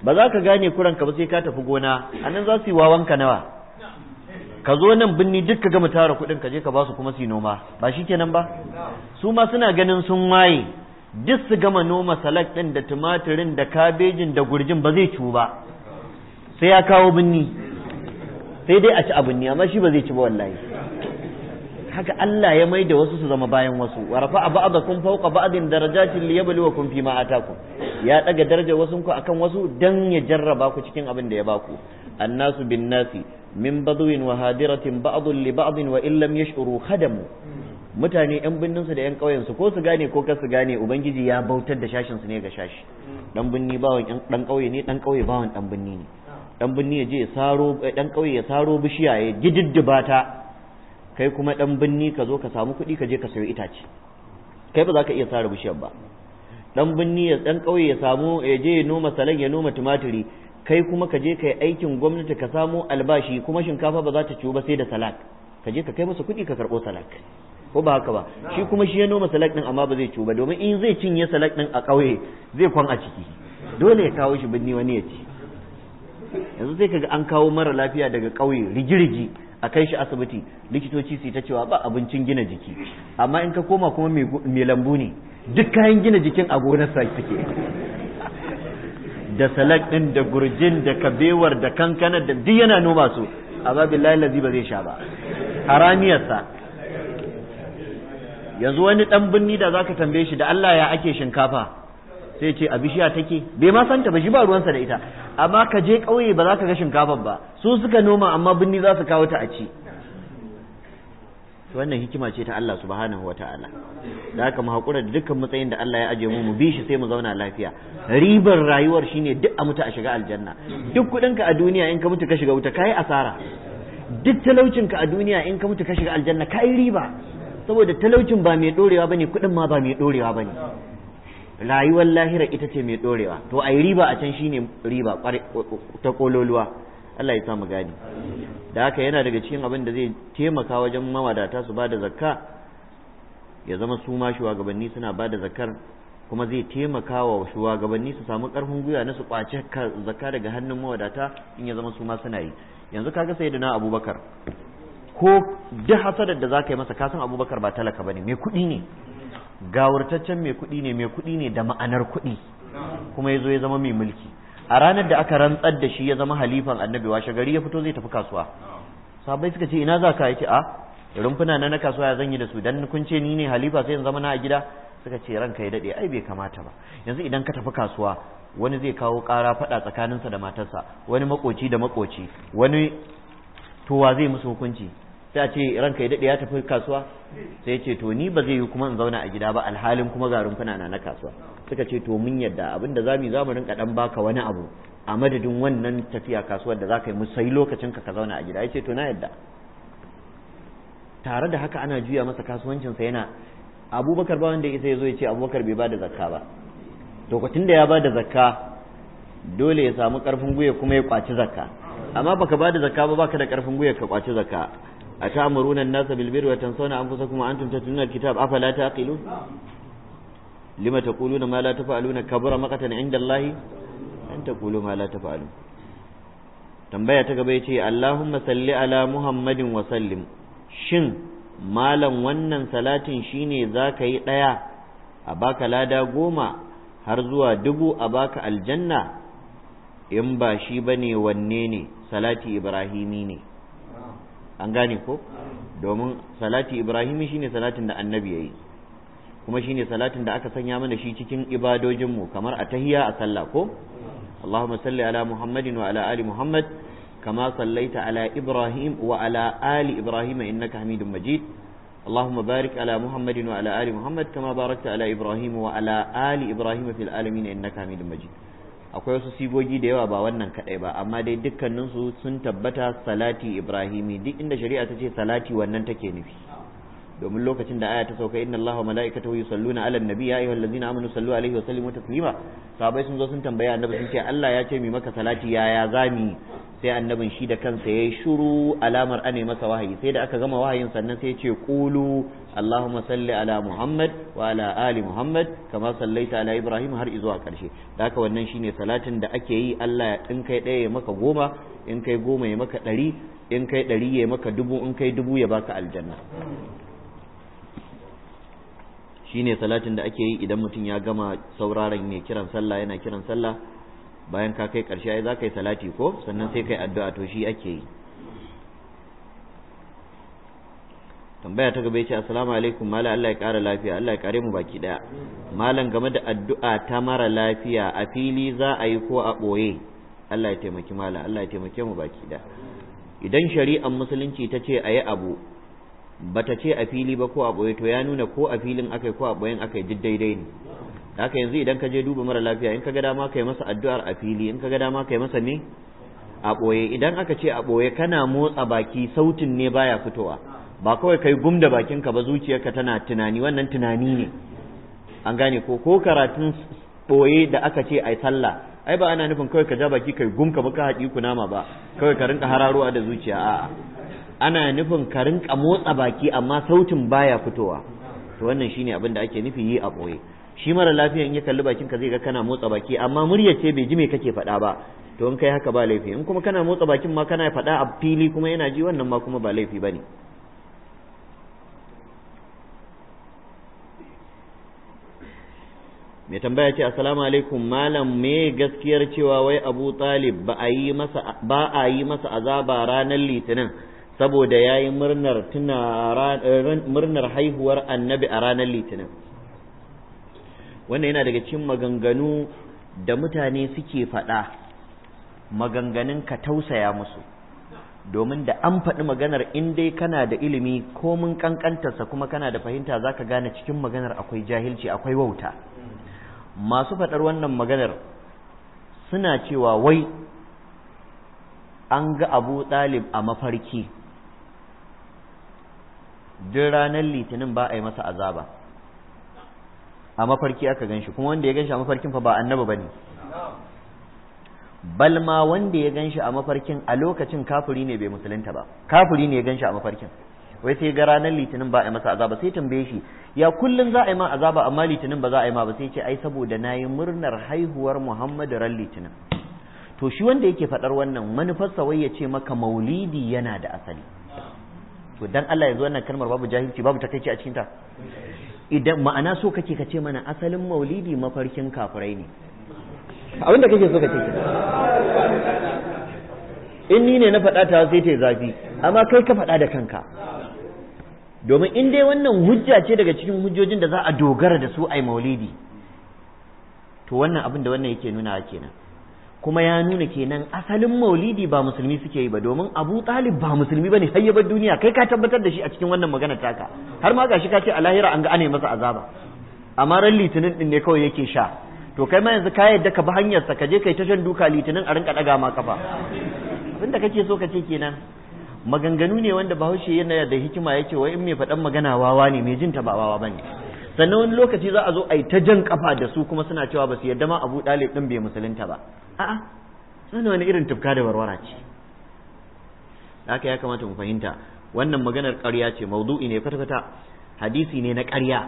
ba za ka gane kuran ka ba sai ka tafi gona a nan za su yi wawanka nawa ka zo nan binni duk ka gama tara kuɗin ka je ka ba su kuma su yi noma ba shi kenan ba su ma suna ganin sun waye duk su gama noma salak ɗin da tumatirin da kabejin da gurjin ba zai ciwu ba sai ya kawo binni sai dai a ci abin ne amma shi ba zai ci ba wallahi haka Allah ya mai da wasu su zama bayan wasu wa rafa'a kun fauka ba'adin darajatin fi fima ku ya daga darajar wasun ku akan wasu dan ya jarraba ku cikin abin da ya baku annasu bin nasi min badwin wa hadiratin ba'd li ba'd wa illam yash'uru khadamu mutane yan bindin su da yan kauyen su ko su gane ko kar su gane ubangiji ya bautar da shashin su ne ga shashi dan binni bawan dan kauye ne dan kauye bawan dan binni ne dan binni ya je saro eh, dan kauye ya saro bishiya ya gididdiba kai kuma dan binni ka zo ka samu kuɗi ka je ka sayo itace kai ba za ka iya sare bishiyar ba dan binni ya dan ƙauye ya samu ya je ya noma salon ya noma tumaturi kai kuma ka je ka aikin gwamnati ka samu albashi kuma shinkafa ba za ta ciwo ba sai da salak ka je ka kai masa kuɗi ka karɓo salak ko ba haka ba shi kuma shi ya noma salak din amma ba zai ciwo ba domin in zai cinye salak din a ƙauye zai kwan a ciki dole ya kawo shi binni wani ya ci yanzu sai kaga an kawo mara lafiya daga ƙauye rigirigi a kai shi asibiti likitoci su ta cewa ba abincin gina jiki amma in ka koma kuma mai lambu ne duk kayan gina jikin a gonar sa suke da salak din da gurjin da kabewar da kankana da duk yana noma su amma billahi lazi ba zai sha ba haramiyarsa yanzu wani dan binni da zaka tambaye shi da Allah ya ake shinkafa sai ce a bishiya take bai ma santa ba shi ba ruwansa da ita amma ka je ƙauye ba za ka ga shinkafa ba su suka noma amma binni za su kawo ta a ci wannan hikima ce ta Allah subhanahu wata'ala da haka mu hakura da dukkan matsayin da Allah ya aje mu mu bi shi sai mu zauna lafiya ribar rayuwar shine duk a mutu a shiga aljanna duk kudinka a duniya in ka mutu ka shiga wuta kai asara duk talaucinka a duniya in ka mutu ka shiga aljanna kai riba saboda talaucin ba mai dorewa bane kudin ma ba mai dorewa bane rayuwar lahira ita ce mai ɗorewa to a yi riba a can shine riba ta kololuwa Allah ya sa mu gani da haka yana daga cikin abin da zai taimaka wajen mawadata su ba da zakka ya zama su ma shugabanni suna ba da zakkar kuma zai taimaka wa shugabanni su samu karfin gwiwa na su kwace zakka daga hannun mawadata in ya zama su ma suna yi yanzu kaga sai na abubakar ko duk hasadar da za ka yi masa kasan abubakar ba talaka bane ne mai kuɗi ne gawurtaccen mai kuɗi ne mai kuɗi ne da ma'anar kuɗi kuma ya zo ya zama mai mulki a ranar da aka rantsar da shi ya zama halifan annabi washe gari ya fito zai tafi kasuwa sabai suka ce ina za ka yake a ah, rumfuna na na kasuwa ya yi da su dan kun ce ni ne halifa sai in zama na a gida suka ce ranka ya daɗe ai bai kamata ba yanzu idan ka tafi kasuwa wani zai kawo ƙara faɗa tsakaninsa da matarsa wani makoci da makoci wani to zai musu hukunci sai a ce ranka ya daɗe ya tafi kasuwa sai ce to ni ba zai yi kuma in zauna a gida ba alhalin kuma ga rumfuna na na kasuwa suka ce to mun yadda abin da zamu za mu rinka dan baka wani abu a madadin wannan tafiya kasuwar da zaka yi mu sai lokacin ka ka zauna a gida ya ce to na yadda tare da haka ana juya masa kasuwancinsa yana abubakar ba wanda isa ya zo ya ce abubakar bai ba da zakka ba to da ya ba da zakka dole ya samu karfin guya kuma ya kwaci zakka amma baka ba da zakka ba baka da karfin guya ka kwaci zakka أتأمرون الناس بالبر وتنسون أنفسكم وأنتم تتلون الكتاب أفلا تعقلون لما تقولون ما لا تفعلون كبر مقتا عند الله أن تقولوا ما لا تفعلون tambaya ta gaba yace Allahumma salli ala Muhammadin wa sallim shin malam wannan salatin shine zaka yi daya a baka lada goma har zuwa dubu a baka aljanna in ba shi bane wanne ne salati ibrahimi ne an gane ko domin salati Ibrahim shine salatin da annabi yayi kuma shine salatin da aka sanya mana shi cikin ibadojin mu kamar a tahiyya a sallah ko Allahumma salli ala Muhammadin wa ala ali Muhammad kama sallaita ala Ibrahim wa ala ali Ibrahim innaka Hamidum Majid اللهم بارك على محمد وعلى آل محمد كما باركت على إبراهيم وعلى آل إبراهيم في العالمين إنك حميد مجيد akwai wasu sigogi da yawa ba wannan kadai ba amma dai dukkaninsu sun tabbata salati ibrahimi duk inda shari'a ta ce salati wannan take nufi domin lokacin da aya ta sauka inna allaha wa malaikatahu yusalluna ala nabi ya ayyuhal ladzina amanu sallu alaihi wa sallimu taslima sahabbai sun zo sun tambaya annabi sun ce Allah ya ce mi maka salati yaya zami sai annabin shi da kansa ya yi shuru alamar ane masa wahayi sai da aka gama wahayin sannan sai ya ce kulu allahumma salli ala muhammad wa ala ali muhammad kama sallaita ala ibrahim har izuwa ƙarshe da haka wannan shine salatin da ake yi Allah in kai ɗaya ya maka goma in kai goma ya maka ɗari in kai ɗari ya maka dubu in kai dubu ya baka aljanna shine salatin da ake yi idan mutum ya gama sauraron mai kiran sallah yana kiran sallah bayan ka kai ƙarshe ai za ka yi salati ko sannan sai kai addu'a to shi ake yi tambaya ta gaba yace assalamu alaikum mala Allah ya ƙara lafiya Allah ya kare mu baki daya malam game da addu'a ta mara lafiya a fili za a yi ko a ɓoye Allah ya taimaki malam Allah ya taimake mu baki daya idan shari'ar musulunci ta ce a yi abu bata ce a fili ba ko a ɓoye to ya nuna ko a filin akai ko a ɓoyen akai duk daidai ne haka yanzu idan ka je duba mara lafiya in ka ga dama kai masa addu'ar a fili in ka ga dama kai masa me a ɓoye idan aka ce a boye kana motsa baki sautin ne baya fitowa ba kawai kai gum da bakinka ba zuciyarka tana tunani wannan tunani ne an gane ko ko karatun boye da aka ce ai sallah ai ba ana nufin kawai ka ja baki kai gum ka ba ka kunama ba kawai ka rinka hararuwa da zuciya a'a ana nufin ka rinka motsa baki amma sautin baya fitowa to wannan shine abin da ake nufi yi a boye shi mara lafiya in ya kalli bakin ka zai ga kana motsa baki amma murya ce bai ji me kake faɗa ba to in kai haka ba laifi in kuma kana motsa bakin ma kana faɗa a fili kuma yana ji wannan ma kuma ba laifi bane mai tambaya ce assalamu alaikum malam me gaskiyar cewa wai abu talib ba a yi masa azaba ranar litinin saboda ya yi murnar haihuwar annabi a ranar litinin wannan yana daga cikin maganganu da mutane suke faɗa maganganun ka tausaya musu domin da an faɗi maganar in dai kana da ilimi ko mun kankantarsa kuma kana da fahimta zaka gane cikin maganar akwai jahilci akwai wauta masu faɗar wannan maganar suna cewa wai an ga abu ɗalib a mafarki duk ranar litinin ba a yi masa azaba a mafarki aka ganshi kuma wanda ya ganshi a mafarkin fa ba annabi bane bal ma wanda ya ganshi a mafarkin a lokacin kafiri ne bai musulunta ba kafiri ne ya ganshi a mafarkin wai sai ga ranar litinin ba a yi masa azaba sai tambaye shi ya kullun za a yi ma azaba amma litinin ba za a yi ma ba sai ce ai saboda nayi murnar haihuwar Muhammadu ran litinin to shi wanda yake faɗar wannan manufarsa wai ya ce maka maulidi yana da asali to dan Allah ya zo wannan kalmar babu jahilci babu takaici a cikin ta. idan ma'ana so kake ka ce mana asalin maulidi mafarkin kafirai ne abin da kake so ka ce in ni ne na faɗa ta sai ta zafi amma kai ka faɗa da kanka domin in dai wannan hujja ce daga cikin hujjojin da za a dogara da su ai maulidi to wannan abin da wannan yake nuna kenan kuma ya nuna kenan asalin maulidi ba musulmi suke yi ba domin abu talib ba musulmi bane har ya bar duniya kai ka tabbatar da shi a cikin wannan magana taka har ma shi ka ce a lahira an ga ane masa azaba amma ran litinin din ne kawai yake sha to kai ma yanzu ka yadda ka bi hanyar ka je kai tashan duka litinin a rinka daga ma kafa da kake so ka ce kenan maganganu ne wanda bahaushe yana da hikima yake wai in mai faɗan magana wawa ne mai jinta ba wawa bane sannan wani lokaci za a zo a yi ta jan kafa da su kuma suna cewa ba su yadda ma abu ɗalib ɗin bai musulunta ba a'a wani wani irin tufka da warwara ce aka ya kamata mu fahimta wannan maganar ƙarya ce maudu'i ne kwata-kwata hadisi ne na ƙarya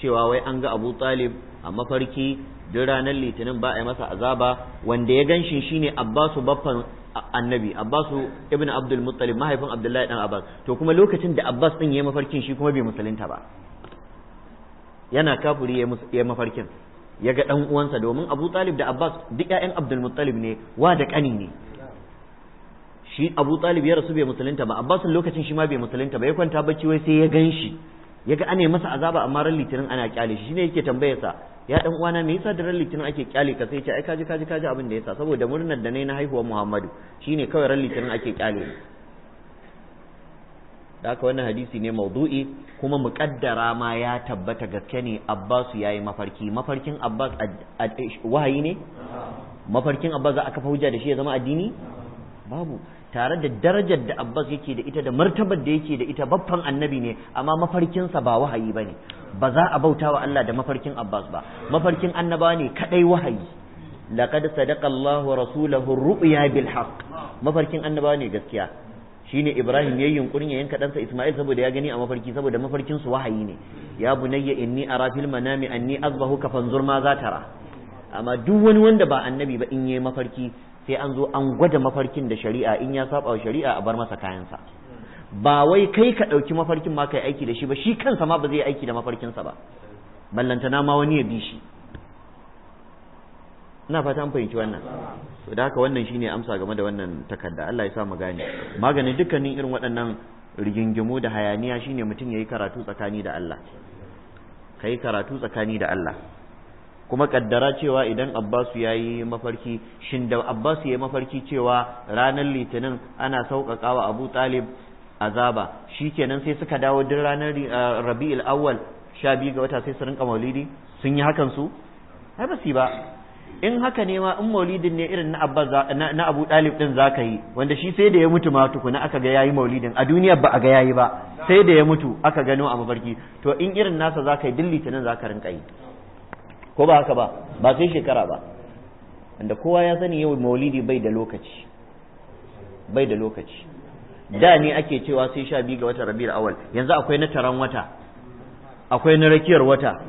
cewa wai an ga abu talib a mafarki duk ranar litinin ba a yi masa azaba wanda ya gan shi shine abbasu baffan annabi abbasu ibn abdul muttalib mahaifin abdullahi dan abbas to kuma lokacin da abbas din ya mafarkin shi kuma bai musulunta ba yana kafuri ya mafarkin ya ga ɗan uwansa domin abu talib da abbas duk ƴaƴan abdul muttalib ne wa da ƙani ne shi abu talib ya rasu bai musulunta ba abbas lokacin shi ma bai musulunta ba ya kwanta bacci wai sai ya gan shi ya ga ana masa azaba amma ran litinin ana kyale shi ne yake tambayar sa ya dan uwana me yasa da ran litinin ake kyale ka sai ce ai kaji kaji kaji abin da yasa saboda murnar da nai na haihuwar Muhammadu shine kawai ran litinin ake kyale da haka wannan hadisi ne maudu'i kuma muƙaddara ma ya tabbata gaske ne abbasu ya yi mafarki mafarkin abbas eh, wahayi ne mafarkin abbas za a kafa hujja da shi ya zama addini babu tare da darajar da abbas yake da ita da martabar da yake da ita babban annabi ne amma mafarkinsa ba wahayi ba ne ba za a bauta wa allah da mafarkin abbas ba mafarkin annaba ne kaɗai wahayi laqad sadaqa allahu rasulahu ru'ya bil haqq mafarkin annaba ne gaskiya shine Ibrahim yayi yunkurin ya yanka ɗansa Ismail saboda ya gani a mafarki saboda mafarkin su wahayi ne ya bunayya inni ara fil manami anni azbahuka fanzur ma za tara amma duk wani wanda ba annabi ba in yayi mafarki sai an zo an gwada mafarkin da shari'a in ya saba wa shari'a a bar masa kayansa ba wai kai ka ɗauki mafarkin ma yi aiki da shi ba shi kansa ma ba zai aiki da mafarkinsa ba ballantana ma wani ya bi shi ina fata an fahimci wannan to da haka wannan shine amsa game da wannan takarda Allah ya sa mu gane maganin dukkanin irin waɗannan rigingimu da hayaniya shine mutum yayi karatu tsakani da Allah kai karatu tsakani da Allah kuma kaddara cewa idan Abbasu yayi yi mafarki shin da Abbasu ya yi mafarki cewa ranar litinin ana sauƙaƙawa Abu Talib azaba shikenan sai suka dawo duk ranar eh, Rabi'ul Awwal sha biyu ga wata sai su rinka maulidi sun yi hakan su ai ba ba in haka ne ma in maulidin ne irin na abba na abu dalib din zaka yi wanda shi sai da ya mutu ma tukuna aka ga yayi maulidin a duniya ba a ga yayi ba sai da ya mutu aka gano a mafarki to in irin nasa zaka yi dilli tunan zaka rinka yi ko ba haka ba ba sai shekara ba wanda kowa ya sani yau maulidi bai da lokaci bai da lokaci da ne ake cewa sai sha biyu ga watan rabiul awal yanzu akwai na taron wata akwai na rakiyar wata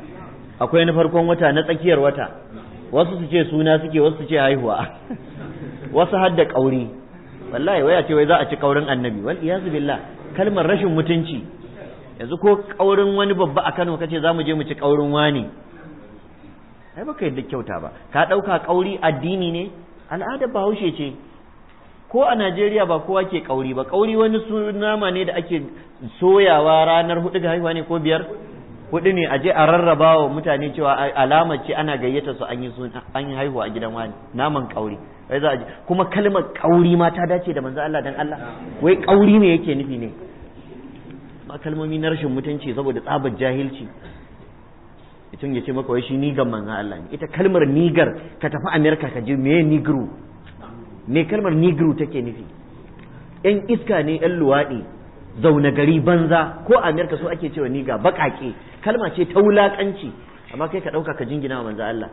akwai na farkon wata na tsakiyar wata wasu su ce suna suke wasu su ce haihuwa wasu har da kauri wallahi waya ce wai za a ci kaurin annabi wal iyazu billah kalmar rashin mutunci yanzu ko kaurin wani babba a Kano kace za mu je mu ci kaurin wani ai baka yadda kyauta ba ka dauka kauri addini ne al'ada bahaushe ce ko a Najeriya ba kowa ke kauri ba kauri wani nama ne da ake soyawa ranar hudu ga haihuwa ne ko biyar kuɗi ne a je a rarraba wa mutane cewa alama ce ana gayyata su an yi an yi haihuwa a gidan wani naman kauri wai za a je kuma kalmar kauri ma ta dace da manzo Allah dan Allah wai kauri ne yake nufi ne ba kalmomi na rashin mutunci saboda tsabar jahilci mutum ya ce maka wai shi nigan manzo Allah ne ita kalmar nigar ka tafi America ka je me nigru me kalmar nigru take nufi yan iska ne yan luwaɗi zaune gari banza ko a amerika so ake cewa niga bakake kalma ce ta wulakanci amma kai ka dauka ka jingina wa manzo Allah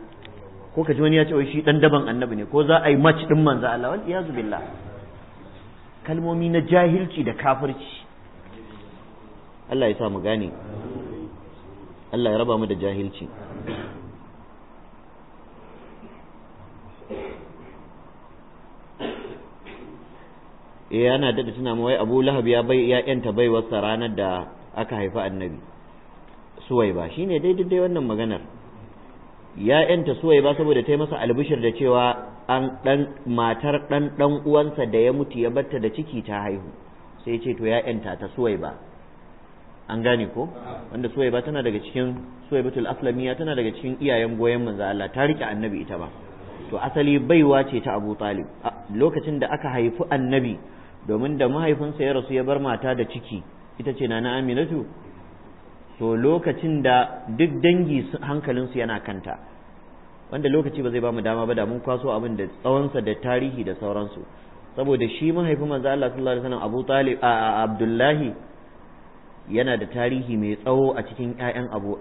ko ka ji wani ya ce shi dan daban annabi ne ko za a yi match din manzo Allah wal iyazu billah kalmomi na jahilci da kafirci Allah ya sa mu gane Allah ya raba mu da jahilci eh yana daɗa tuna wai abu lahab ya bai ya yanta wasa ranar da aka haifi annabi suwai ba shine dai dai wannan maganar ya yanta suwai ba saboda ta yi masa albishir da cewa an dan matar dan dan uwansa da ya mutu ya batta da ciki ta haihu sai ya ce to ya yanta ta suwai ba an gane ko wanda suwai ba tana daga cikin suwai batul aslamiya tana daga cikin iyayen goyen manzo Allah ta rike annabi ita ba to asali baiwa ce ta Abu Talib lokacin da aka haifi annabi domin da mahaifinsa ya rasu ya bar mata da ciki ita ce nana aminatu to lokacin da duk dangi hankalinsu yana kanta wanda lokaci ba zai ba mu dama ba da mun kwaso abin da tsawonsa da tarihi da sauransu saboda shi mahaifin manzo Allah sallallahu alaihi wasallam Abu Talib a Abdullahi yana da tarihi mai tsawo a cikin ƴaƴan Abu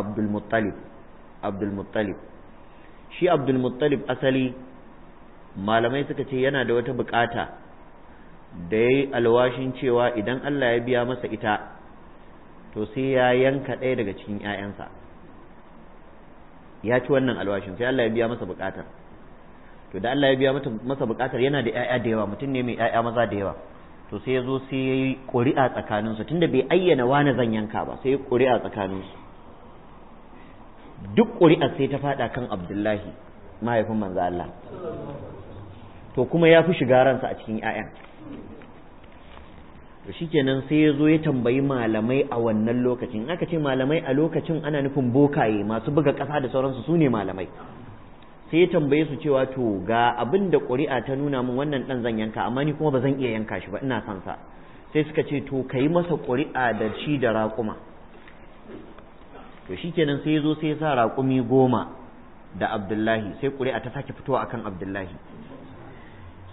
Abdul Muttalib Abdul Muttalib shi Abdul Muttalib asali malamai suka ce yana da wata bukata da ya yi alwashin cewa idan Allah ya biya masa ita to sai ya yanka ɗaya daga cikin 'ya'yansa ya ci wannan alwashin sai Allah ya biya masa buƙatar to da Allah ya biya masa buƙatar yana da 'ya'ya da yawa mutum ne mai 'ya'ya maza da yawa to sai ya zo sai ya yi ƙuri'a tsakaninsu tunda bai ayyana wani zan yanka ba sai ya ƙuri'a tsakaninsu duk ƙuri'ar sai ta faɗa kan abdullahi mahaifin manzo Allah to kuma ya fi shiga ransa a cikin 'ya'yan to kenan sai ya zo ya tambayi malamai a wannan lokacin in aka ce malamai a lokacin ana nufin bokaye masu buga ƙasa da sauransu su ne malamai sai ya tambaye su cewa to ga abin ƙuri'a ta nuna min wannan ɗan zan yanka amma ni kuma ba zan iya yanka shi ba ina son sa sai suka ce to ka yi masa ƙuri'a da shi da raƙuma to kenan sai ya zo sai ya sa raƙumi goma da abdullahi sai ƙuri'a ta sake fitowa akan abdullahi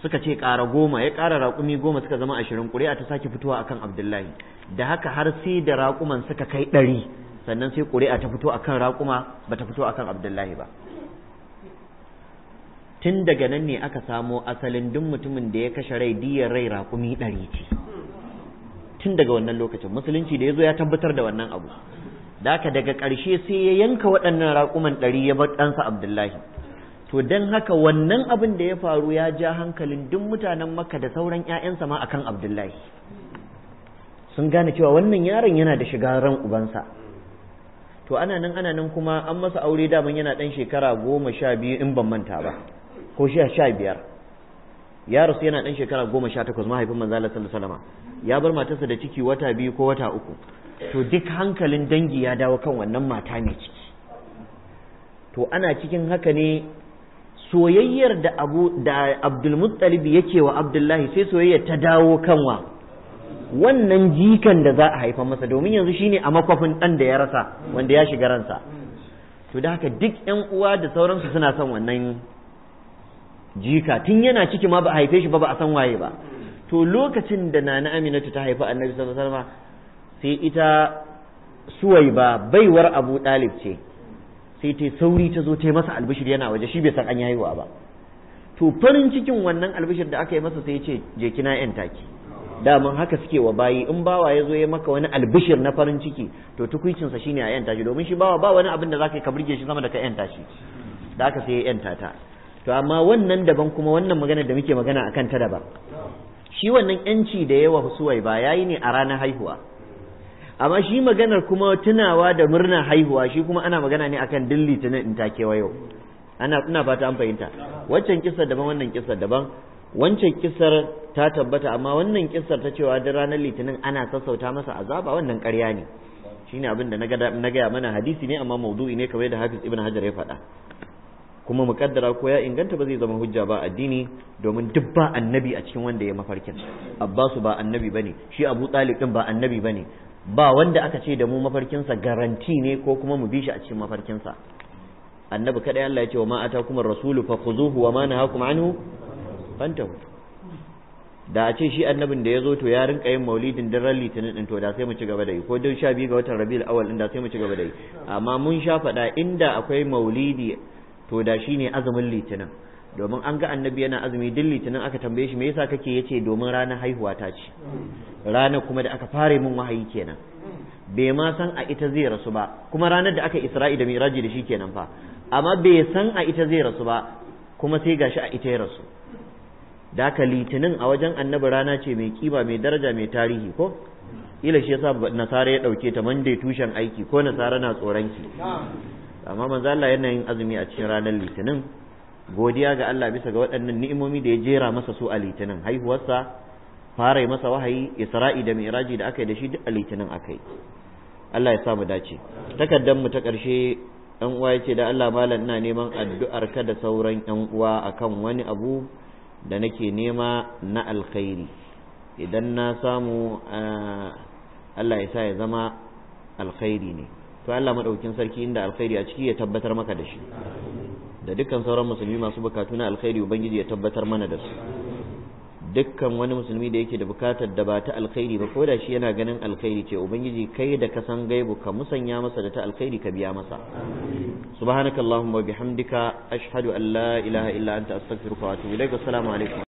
suka ce ƙara goma ya ƙara raƙumi goma suka zama ashirin ƙuri'a ta sake fitowa akan abdullahi da haka har sai da raƙuman suka kai ɗari sannan sai ƙuri'a ta fito akan raƙuma ba ta fito akan abdullahi ba tun daga nan ne aka samo asalin duk mutumin da ya kashe rai diyar rai raƙumi ɗari ce tun daga wannan lokacin musulunci da ya zo ya tabbatar da wannan abu da daga ƙarshe sai ya yanka waɗannan raƙuman ɗari ya bar ɗansa abdullahi to dan haka wannan abin da ya faru ya ja hankalin duk mutanen makka da sauran 'ya'yansa ma akan abdullahi sun gane cewa wannan yaron yana da shiga ran ubansa to ana nan ana nan kuma an masa aure daman yana ɗan shekara goma sha biyu in ban manta ba ko sha sha biyar ya rasu yana ɗan shekara goma sha takwas mahaifin manzo Allah sallallahu alaihi wasallam ya bar matarsa da ciki wata biyu ko wata uku to duk hankalin dangi ya dawo kan wannan mata mai ciki to ana cikin haka ne soyayyar da abu da abdulmuttalib yake wa abdullahi sai soyayya ta dawo kanwa wannan jikan da za a haifa masa domin yanzu shine a makwafin ɗan da ya rasa wanda ya shiga ransa to da haka duk ƴan uwa da sauransu suna son wannan jika tun yana ciki ma ba a haife shi ba ba a san waye ba to lokacin da nana aminatu ta haifa annabi sallallahu alaihi wasallam sai ita suwaiba baiwar abu ɗalib ce sai ta sauri ta zo ta yi masa albishir yana waje shi bai san an yayi ba to farin cikin wannan albishir da aka yi masa sai ya ce je kina yan taki haka suke wa bayi in bawa ya zo ya maka wani albishir na farin ciki to tukuicinsa shine a yan shi domin shi bawa ba wani abin da zaka ka burge shi sama da ka yan shi da aka sai ya yan tata to amma wannan daban kuma wannan magana da muke magana akan ta daban shi wannan yanci da yawa husuwai ba yayi ne a ranar haihuwa amma shi maganar kuma tunawa da murna haihuwa shi kuma ana magana ne akan din litinin in ta kewa ana ina fata an fahimta waccan kisar daban wannan kisar daban wancan kisar ta tabbata amma wannan kisar ta cewa da ranar litinin ana sassauta masa azaba wannan ƙarya ne shine abin da na gaya mana hadisi ne amma maudu'i ne kamar da hafiz ibn hajar ya faɗa kuma muƙaddara ko ya inganta ba zai zama hujja ba addini domin duk ba annabi a cikin wanda ya mafarkin abbasu ba annabi bane shi abu talib ɗin ba annabi bane ba wanda aka ce da mu mafarkinsa garanti ne ko kuma mu bi shi a cikin mafarkinsa annabi kada Allah ya ce wa ma ata kuma rasulu khuzuhu wa ma nahakum anhu fantahu da a ce shi annabin da ya zo to ya rinka yin maulidin daren litinin din to da sai mu ci gaba da yi ko dai sha biyu ga watan rabiul awal din da sai mu ci gaba da yi amma mun sha faɗa inda akwai maulidi to da shine azumin litinin domin an ga annabi yana azumi duk litinin aka tambaye shi me yasa kake yace domin ranar haihuwa ta ce rana kuma da aka fara min wahayi kenan bai ma san a ita zai rasu ba kuma ranar da aka isra'i da miraji da shi kenan fa amma bai san a ita zai rasu ba kuma sai gashi a ita ya rasu da ka litinin a wajen annabi rana ce mai kiba mai daraja mai tarihi ko ila shi yasa nasara ya dauke ta dai tushen aiki ko nasara na tsoron ki amma manzo Allah yana yin azumi a cikin ranar litinin godiya ga Allah bisa ga waɗannan ni'imomi da ya jera masa su a litinin haihuwarsa fara masa wahayi isra'i da mi'raji da aka yi da shi duk a litinin aka yi Allah ya sa mu dace takardar mu ta ƙarshe ɗan uwa yace da Allah malam ina neman addu'ar ka da sauran ƴan uwa akan wani abu da nake nema na alkhairi idan na samu eh, Allah ya sa ya zama alkhairi ne to Allah madaukin sarki inda alkhairi a ciki ya tabbatar maka da shi da dukkan sauran musulmi masu bukatu na alkhairi ubangiji ya tabbatar mana da su dukkan wani musulmi da yake da bukatar da ba ta alkhairi ba ko da shi yana ganin alkhairi ce ubangiji kai da ka san gaibu ka musanya masa da ta alkhairi ka biya masa subhanakallahumma wa bihamdika ashhadu an la ilaha illa anta astaghfiruka wa atubu ilaik assalamu alaikum